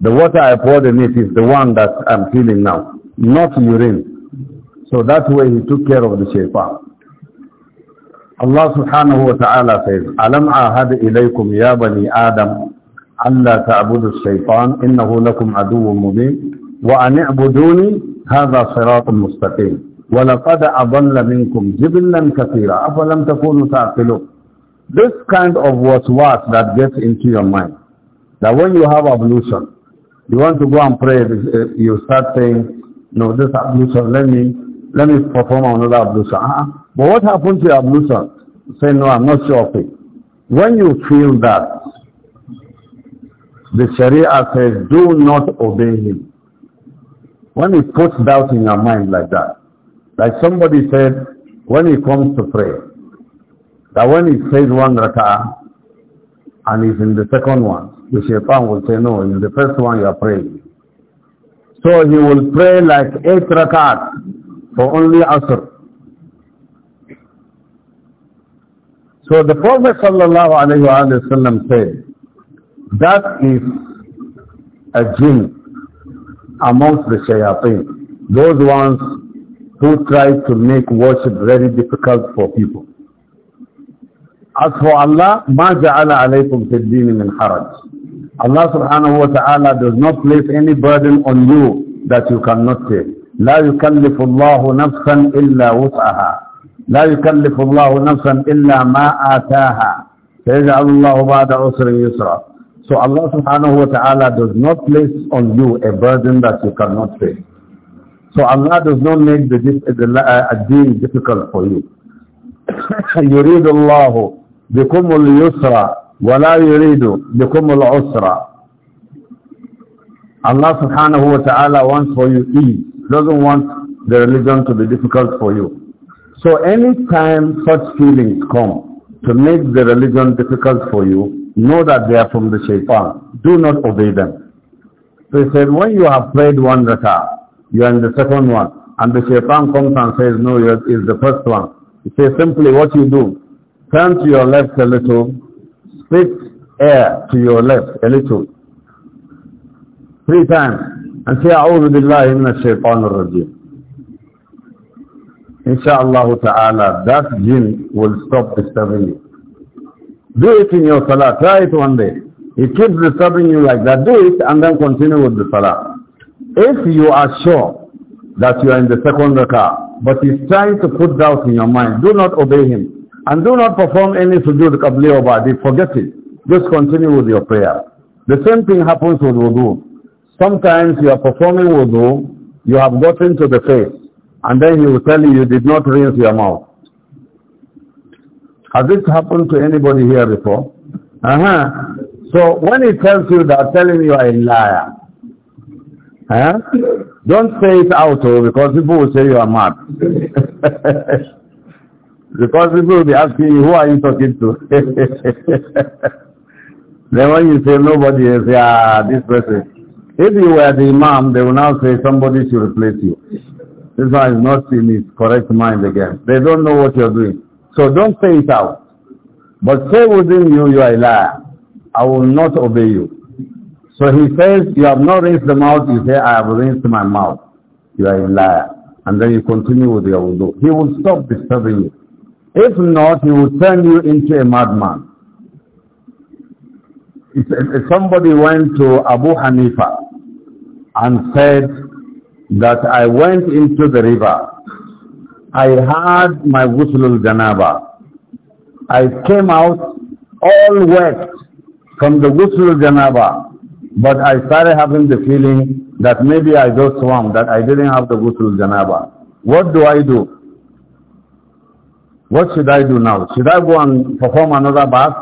The water I poured in it is the one that I'm feeling now not urine. So that way he took care of the shaitan. Allah subhanahu wa ta'ala says, أَلَمْ عَاهَدْ إِلَيْكُمْ يَا بَنِي آدَمْ أَلَّا تَعْبُدُوا الشَّيْطَانِ إِنَّهُ لَكُمْ عَدُوٌ مُبِينٌ وَأَنِ اعْبُدُونِي هَذَا صِرَاطٌ مُسْتَقِيمٌ وَلَقَدْ أَضَلَّ مِنكُمْ جِبِلًّا كَثِيرًا أَفَلَمْ تَكُونُوا تَعْقِلُونَ This kind of waswas that gets into your mind, that when you have ablution, you want to go and pray, uh, you start saying, no, this ablution, let me, let me perform another ablution. -huh. But what happens? to your ablution? Say, no, I'm not sure of it. When you feel that, the Sharia says, do not obey him. When it puts doubt in your mind like that, like somebody said, when he comes to pray, that when he says one rak'ah, and he's in the second one, the shaitan will say, no, in the first one you are praying. So he will pray like eight rakat for only Asr. So the Prophet sallallahu said, that is a jinn amongst the shayateen. Those ones who try to make worship very difficult for people. As for Allah, مَا جَعَلَ عَلَيْكُمْ فِي الدِّينِ مِنْ حَرَجٍ Allah subhanahu wa ta'ala does not place any burden on you that you cannot take. لا يكلف الله نفسا إلا وسعها لا يكلف الله نفسا إلا ما آتاها سيجعل الله بعد عسر يسرا So Allah subhanahu wa ta'ala does not place on you a burden that you cannot take. So Allah does not make the, the uh, deen difficult for you. [COUGHS] يريد الله بكم اليسر وَلَا يُرِيدُ بِكُمُ الْعُسْرَ Allah subhanahu wa ta'ala wants for you ease, doesn't want the religion to be difficult for you. So any time such feelings come to make the religion difficult for you, know that they are from the shaitan. Do not obey them. So he said, when you have prayed one rakah, you are in the second one, and the shaitan comes and says, no, it is is the first one. He says simply what you do, turn to your left a little, split air to your left a little. Three times. And say, أعوذ بالله من الشيطان الرجيم. Inshallah ta'ala, that jinn will stop disturbing you. Do it in your salah. Try it one day. It keeps disturbing you like that. Do it and then continue with the salah. If you are sure that you are in the second rakah, but he's trying to put doubt in your mind, do not obey him. And do not perform any sujood qabli or ba'di. Forget it. Just continue with your prayer. The same thing happens with wudu. Sometimes you are performing wudu, you have gotten to the face, and then he will tell you you did not rinse your mouth. Has this happened to anybody here before? Uh-huh. So when he tells you that, tell him you are a liar. Huh? Don't say it out, oh, because people will say you are mad. [LAUGHS] Because people will be asking you, who are you talking to? [LAUGHS] then when you say nobody, they say, ah, this person. If you were the imam, they will now say somebody should replace you. This one is not in his correct mind again. They don't know what you're doing. So don't say it out. But say within you, you are a liar. I will not obey you. So he says, you have not rinsed the mouth. You say, I have rinsed my mouth. You are a liar. And then you continue with your wudu. He will stop disturbing you. If not, he will turn you into a madman. If, if somebody went to Abu Hanifa and said that I went into the river. I had my ghusl janaba. I came out all wet from the ghusl janaba, but I started having the feeling that maybe I just swam, that I didn't have the ghusl janaba. What do I do? What should I do now? Should I go and perform another bath?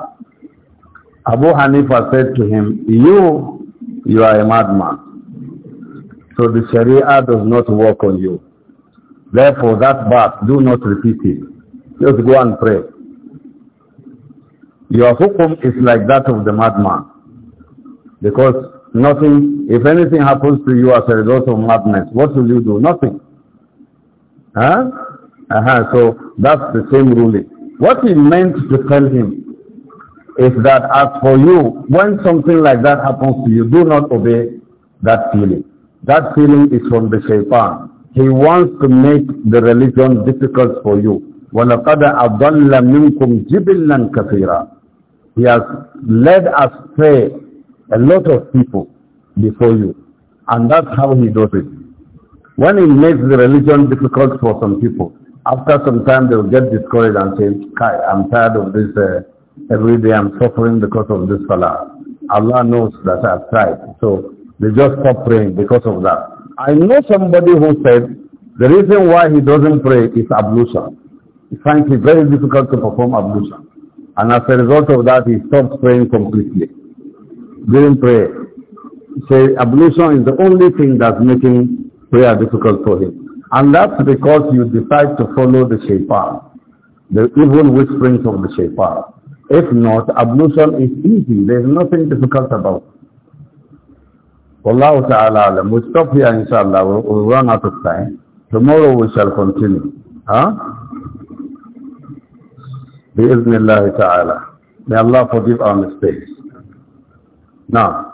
Abu Hanifa said to him, you, you are a madman. So the Sharia does not work on you. Therefore that bath, do not repeat it. Just go and pray. Your hukum is like that of the madman. Because nothing, if anything happens to you as a result of madness, what will you do? Nothing. Huh? Uh -huh, so that's the same ruling. What he meant to tell him is that as for you, when something like that happens to you, do not obey that feeling. That feeling is from the shaitan. He wants to make the religion difficult for you. وَلَقَدْ أَضَلَّ مِنْكُمْ جِبِلًّا كَثِيرًا He has led astray a lot of people before you. And that's how he does it. When he makes the religion difficult for some people, after some time, they will get discouraged and say, I'm tired of this. Uh, every day I'm suffering because of this salah. Allah knows that I've tried. So they just stop praying because of that. I know somebody who said the reason why he doesn't pray is ablution. He finds it very difficult to perform ablution. And as a result of that, he stopped praying completely. Didn't pray. Say ablution is the only thing that's making prayer difficult for him. And that's because you decide to follow the shaitan, the evil whisperings of the shaitan. If not, ablution is easy. There's nothing difficult about it. Wallahu ta'ala alam. we stop here inshallah. we we'll run out of time. Tomorrow we shall continue. Huh? Bi-Iznillah ta'ala. May Allah forgive our mistakes. Now,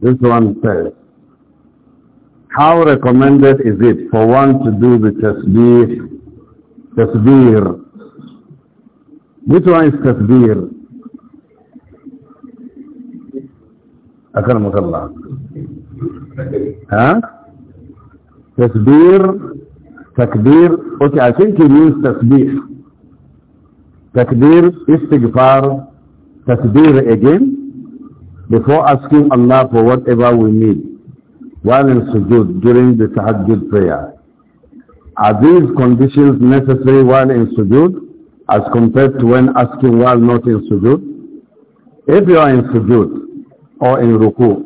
This one says, how recommended is it for one to do the tasbih, tasbir? Which one is tasbir? أكرمك الله ها تكبير تكبير okay I think he means تسبيح تكبير استغفار تكبير again before asking Allah for whatever we need while in sujood during the tahajjud prayer. Are these conditions necessary while in sujood as compared to when asking while not in sujood? If you are in sujood or in ruku,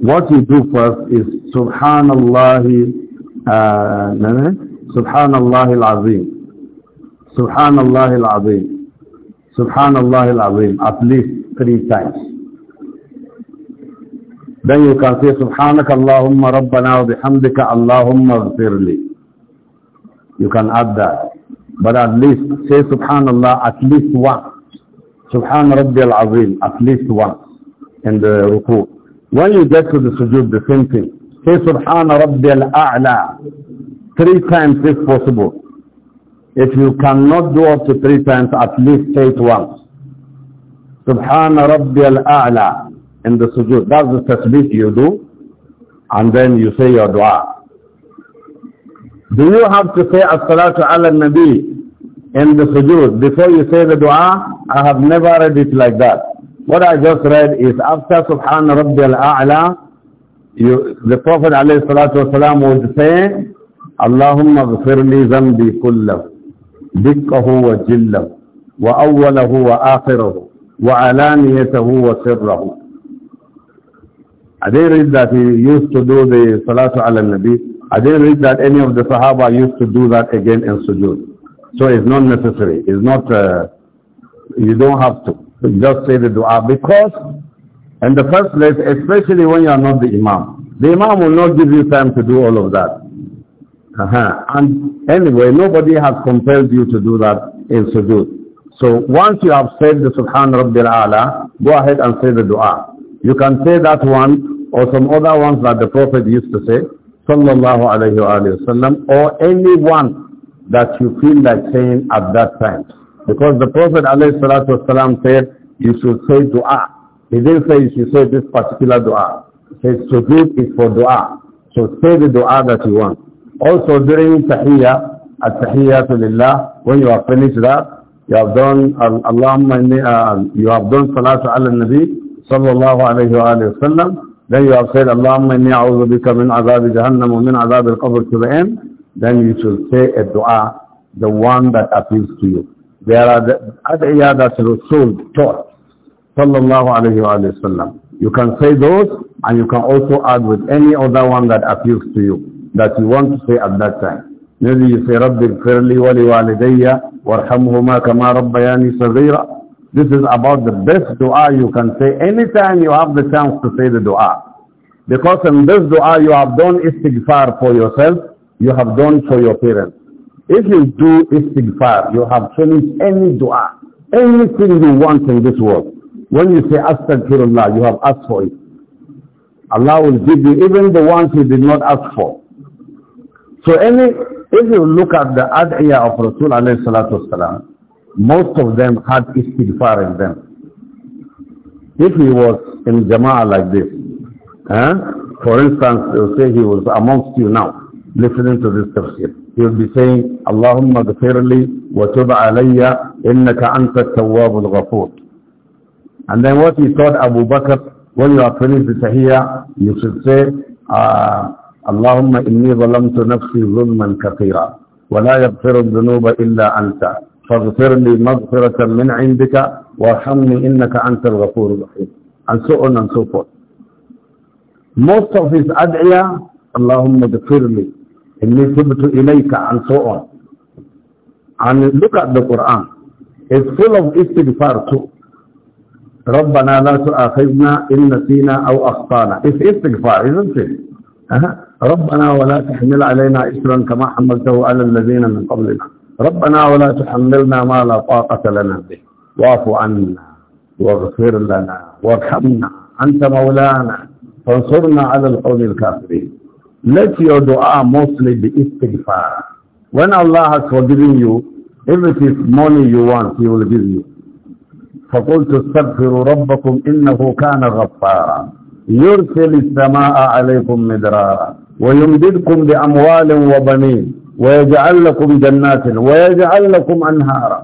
what you do first is subhanallah uh, subhanallah al-azim subhanallah al-azim subhanallah al-azim at least three times then you can say subhanaka allahumma rabbana wa bihamdika allahumma you can add that but at least say subhanallah at least once subhan rabbi al-azim at least once in the ruku when you get to the sujood the same thing say سبحان rabbi al-a'la three times if possible if you cannot do up to three times at least say it once سبحان rabbi al-a'la in the sujood. That's the tasbih you do and then you say your dua. Do you have to say as-salatu ala nabi in the sujood before you say the dua? I have never read it like that. What I just read is after subhan rabbi al-a'la, the Prophet alayhi salatu wasalam would say, اللهم اغفر لي ذنبي كله دقه وجله وأوله وآخره وعلانيته وسره I didn't read that he used to do the Salatu ala Nabi. I didn't read that any of the Sahaba used to do that again in sujood. So it's not necessary. It's not, uh, you don't have to. Just say the dua. Because in the first place, especially when you are not the imam, the imam will not give you time to do all of that. Uh -huh. And anyway, nobody has compelled you to do that in sujood. So once you have said the Subhan Rabbil A'la, go ahead and say the dua. You can say that one or some other ones that the Prophet used to say, sallallahu alayhi wa or any one that you feel like saying at that time. Because the Prophet alayhi salatu wasalam said, you should say dua. He didn't say you should say this particular dua. He said is for dua. So say the dua that you want. Also during tahiyyah, at-tahiyyatu lillah, when you have finished that, you have done Allahumma uh, you have done salatu ala nabi then you have said, Allahumma inni a'udhu bika min azab jahannam wa min azab al-qabr to the end. Then you should say a dua, the one that appeals to you. There are the ad'iyah that Rasul taught, sallallahu alayhi wa sallam. You can say those and you can also add with any other one that appeals to you, that you want to say at that time. Maybe you say, رَبِّ اغْفِرْ لِي وَلِوَالِدَيَّ وَارْحَمْهُمَا كَمَا رَبَّيَانِي صَغِيرًا this is about the best dua you can say anytime you have the chance to say the dua. Because in this dua you have done istighfar for yourself, you have done for your parents. If you do istighfar, you have finished any dua, anything you want in this world. When you say astaghfirullah, you have asked for it. Allah will give you even the ones you did not ask for. So any, if you look at the ad'iyah of Rasul alayhi salatu wasalam, most of them had istighfar in them. If he was in jama'ah like this, eh, for instance, say he was amongst you now, listening to this tafsir, he would be saying, Allahumma ghafirli wa tub alayya innaka anta tawwab al-ghafur. And then what he taught Abu Bakr, when you are finished with tahiyya, you should say, ah, Allahumma inni ظلمت نفسي ظلما كثيرا ولا يغفر الذنوب illa anta." فاغفر لي مغفرة من عندك وارحمني إنك أنت الغفور الرحيم and so on and so forth most of his اللهم اغفر لي إني تبت إليك عن سوء عن and look at the Quran it's full of istighfar too ربنا لا تؤاخذنا إن نسينا أو أخطانا it's istighfar isn't it uh-huh. ربنا ولا تحمل علينا إسرا كما حملته على الذين من قبلنا ربنا ولا تحملنا ما لا طاقة لنا به واعف عنا واغفر لنا وارحمنا أنت مولانا فانصرنا على القوم الكافرين let your dua mostly be istighfar when Allah has forgiven you if it is money you want he will give you فقلت استغفروا ربكم إنه كان غفارا يرسل السماء عليكم مدرارا ويمددكم بأموال وبنين ويجعل لكم جنات ويجعل لكم أنهارا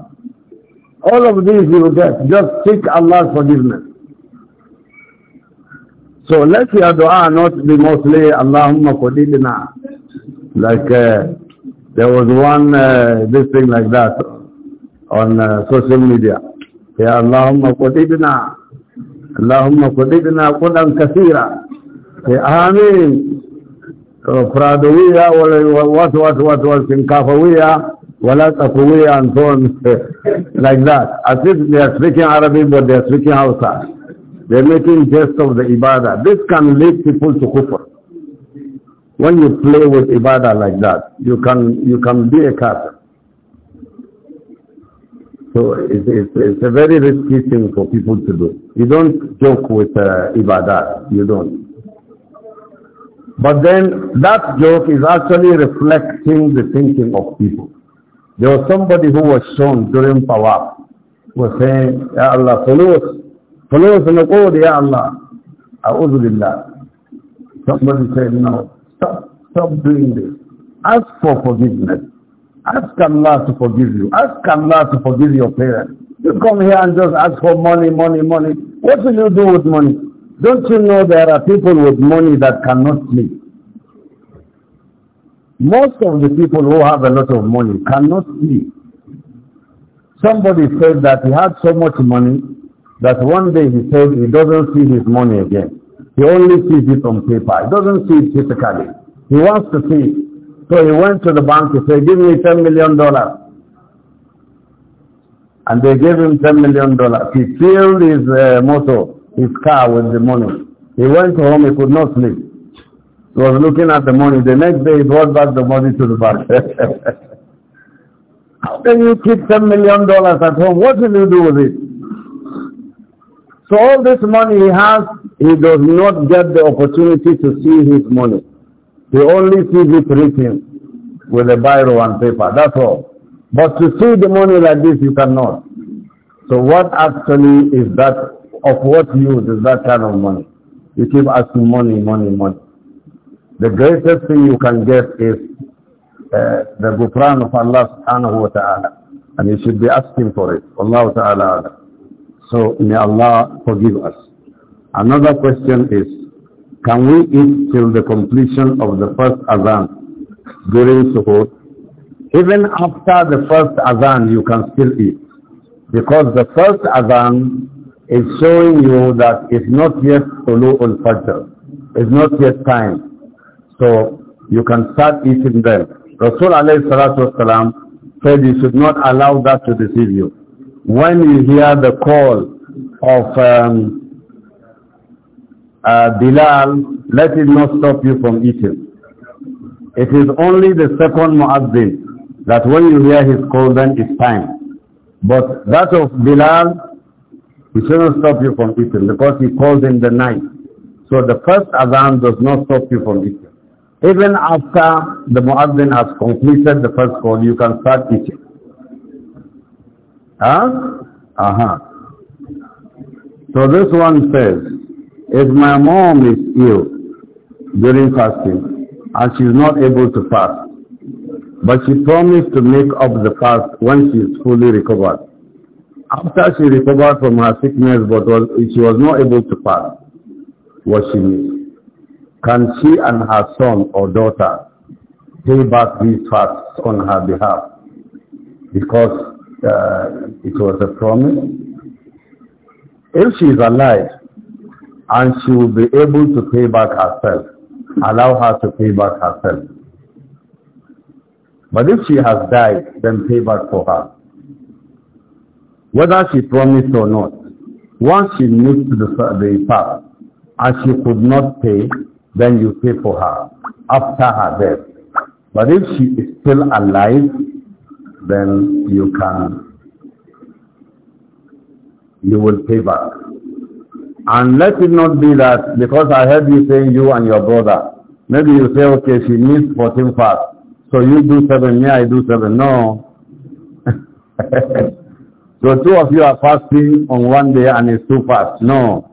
all of these you get just seek Allah's forgiveness so let your dua not be mostly Allahumma forgiveness like uh, there was one uh, this thing like that on uh, social media يا اللهم قدبنا اللهم قدبنا قدا كثيرا آمين Fradawiyya, what, what, what was in Kafawiyya, Walat Afawiyya and so on, [LAUGHS] like that. As if they are speaking Arabic but they are speaking Hausa. They are making jest of the Ibadah. This can lead people to kufr. When you play with Ibadah like that, you can, you can be a kafir. So it's, it's, it's, a very risky thing for people to do. You don't joke with uh, Ibadah. You don't. But then that joke is actually reflecting the thinking of people. There was somebody who was shown during Tawaf was saying, Ya Allah, follow us. in the Ya Allah. A'udhu Somebody said, no, stop, stop doing this. Ask for forgiveness. Ask Allah to forgive you. Ask Allah to forgive your parents. You come here and just ask for money, money, money. What will you do with money? Don't you know there are people with money that cannot sleep? Most of the people who have a lot of money cannot sleep. Somebody said that he had so much money that one day he said he doesn't see his money again. He only sees it on paper. He doesn't see it physically. He wants to see it. So he went to the bank and said, give me $10 million. And they gave him $10 million. He filled his uh, motor his car with the money. He went home, he could not sleep. He was looking at the money. The next day he brought back the money to the bank. [LAUGHS] How can you keep $10 million at home? What will you do with it? So all this money he has, he does not get the opportunity to see his money. He only sees it written with a biro and paper. That's all. But to see the money like this, you cannot. So what actually is that of what use is that kind of money? You keep asking money, money, money. The greatest thing you can get is uh, the Gufran of Allah subhanahu wa ta'ala. And you should be asking for it. Allah ta'ala. So may Allah forgive us. Another question is, can we eat till the completion of the first azan during suhoor? Even after the first azan, you can still eat. Because the first azan is showing you that it's not yet al Fajr. It's not yet time. So you can start eating them. Rasul alayhi salatu wasalam said you should not allow that to deceive you. When you hear the call of um, uh, Bilal, let it not stop you from eating. It is only the second muazzin that when you hear his call then it's time. But that of Bilal he shouldn't stop you from eating because he called in the night. So the first adhan does not stop you from eating. Even after the muazzin has completed the first call, you can start eating. Huh? Uh-huh. So this one says, if my mom is ill during fasting and she's not able to fast, but she promised to make up the fast when she is fully recovered, after she recovered from her sickness but was, she was not able to pass what she needs, can she and her son or daughter pay back these fasts on her behalf? Because uh, it was a promise. If she is alive and she will be able to pay back herself, allow her to pay back herself. But if she has died, then pay back for her. whether she promised or not. Once she missed the, the path and she could not pay, then you pay for her after her death. But if she is still alive, then you can, you will pay back. And let it not be that, because I heard you saying you and your brother, maybe you say, okay, she needs 14 fast, so you do seven, me I do seven. No. [LAUGHS] So two of you are fasting on one day and it's too fast. No.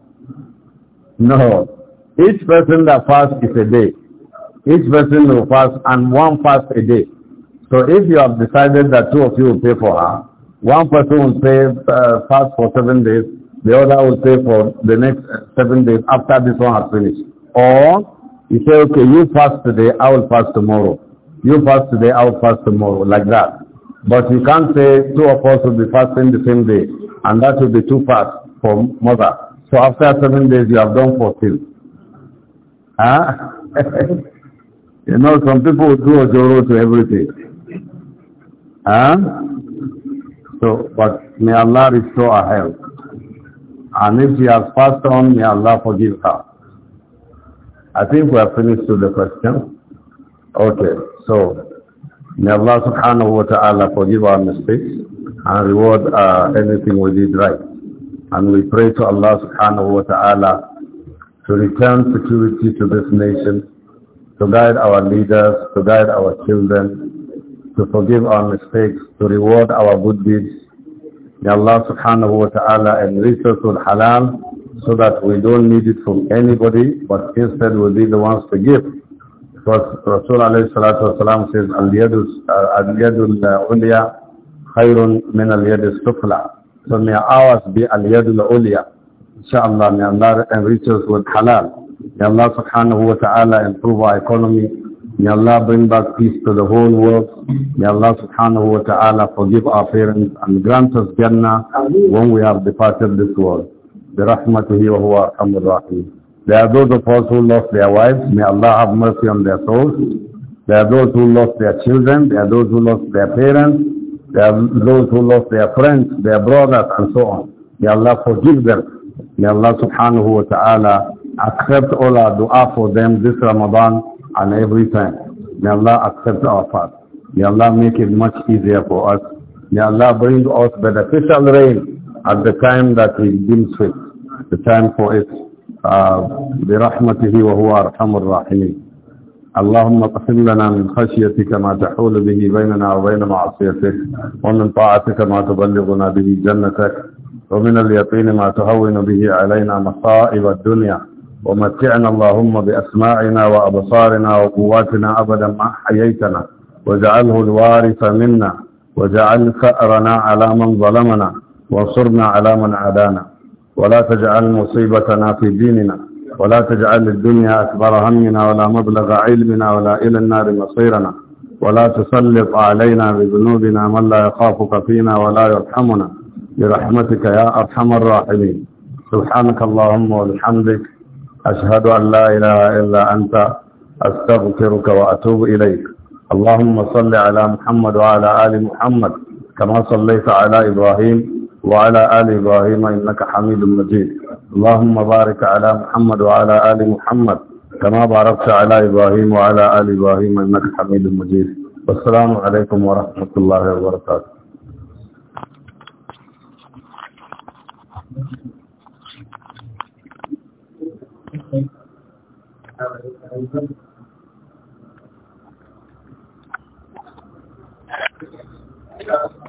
No. Each person that fasts is a day. Each person will fast and one fast a day. So if you have decided that two of you will pay for her, one person will pay uh, fast for seven days, the other will pay for the next seven days after this one has finished. Or you say, okay, you fast today, I will fast tomorrow. You fast today, I will fast tomorrow, like that. But you can't say two of us will be fasting the same day, and that will be too fast for mother. So after seven days, you have done 14. Huh? [LAUGHS] you know, some people do a joro to everything. Huh? So, but may Allah restore her health. And if she has passed on, may Allah forgive her. I think we have finished with the question. Okay, so May Allah subhanahu wa ta'ala forgive our mistakes and reward uh, everything we did right. And we pray to Allah subhanahu wa ta'ala to return security to this nation, to guide our leaders, to guide our children, to forgive our mistakes, to reward our good deeds. May Allah subhanahu wa ta'ala enrich us with halal so that we don't need it from anybody, but instead we'll be the ones to give. Because Rasulullah sallallahu says, Al-Yadul yadus al Uliya Khairun min al yadus Sufla. So may ours be Al-Yadul Uliya. Inshallah, may Allah enrich us with halal. May Allah subhanahu wa ta'ala improve our economy. May Allah bring back peace to the whole world. May Allah subhanahu wa ta'ala forgive our parents and grant us Jannah when we have departed this world. برحمته وهو أرحم الراحمين there are those of us who lost their wives. May Allah have mercy on their souls. There are those who lost their children. There are those who lost their parents. There are those who lost their friends, their brothers, and so on. May Allah forgive them. May Allah subhanahu wa ta'ala accept all our dua for them this Ramadan and every time. May Allah accept our fast. May Allah make it much easier for us. May Allah bring us beneficial rain at the time that we deems fit, the time for it. آه، برحمته وهو أرحم الراحمين اللهم اقسم لنا من خشيتك ما تحول به بيننا وبين معصيتك ومن طاعتك ما تبلغنا به جنتك ومن اليقين ما تهون به علينا مصائب الدنيا ومتعنا اللهم بأسماعنا وأبصارنا وقواتنا أبدا ما حييتنا واجعله الوارث منا واجعل ثأرنا على من ظلمنا وانصرنا على من عدانا ولا تجعل مصيبتنا في ديننا ولا تجعل الدنيا أكبر همنا ولا مبلغ علمنا ولا إلى النار مصيرنا ولا تسلط علينا بذنوبنا من لا يخافك فينا ولا يرحمنا برحمتك يا أرحم الراحمين سبحانك اللهم وبحمدك أشهد أن لا إله إلا أنت أستغفرك وأتوب إليك اللهم صل على محمد وعلى آل محمد كما صليت على إبراهيم وعلى آل إبراهيم إنك حميد مجيد اللهم بارك على محمد وعلى آل محمد كما باركت على إبراهيم وعلى آل إبراهيم إنك حميد مجيد والسلام عليكم ورحمة الله وبركاته Thank you.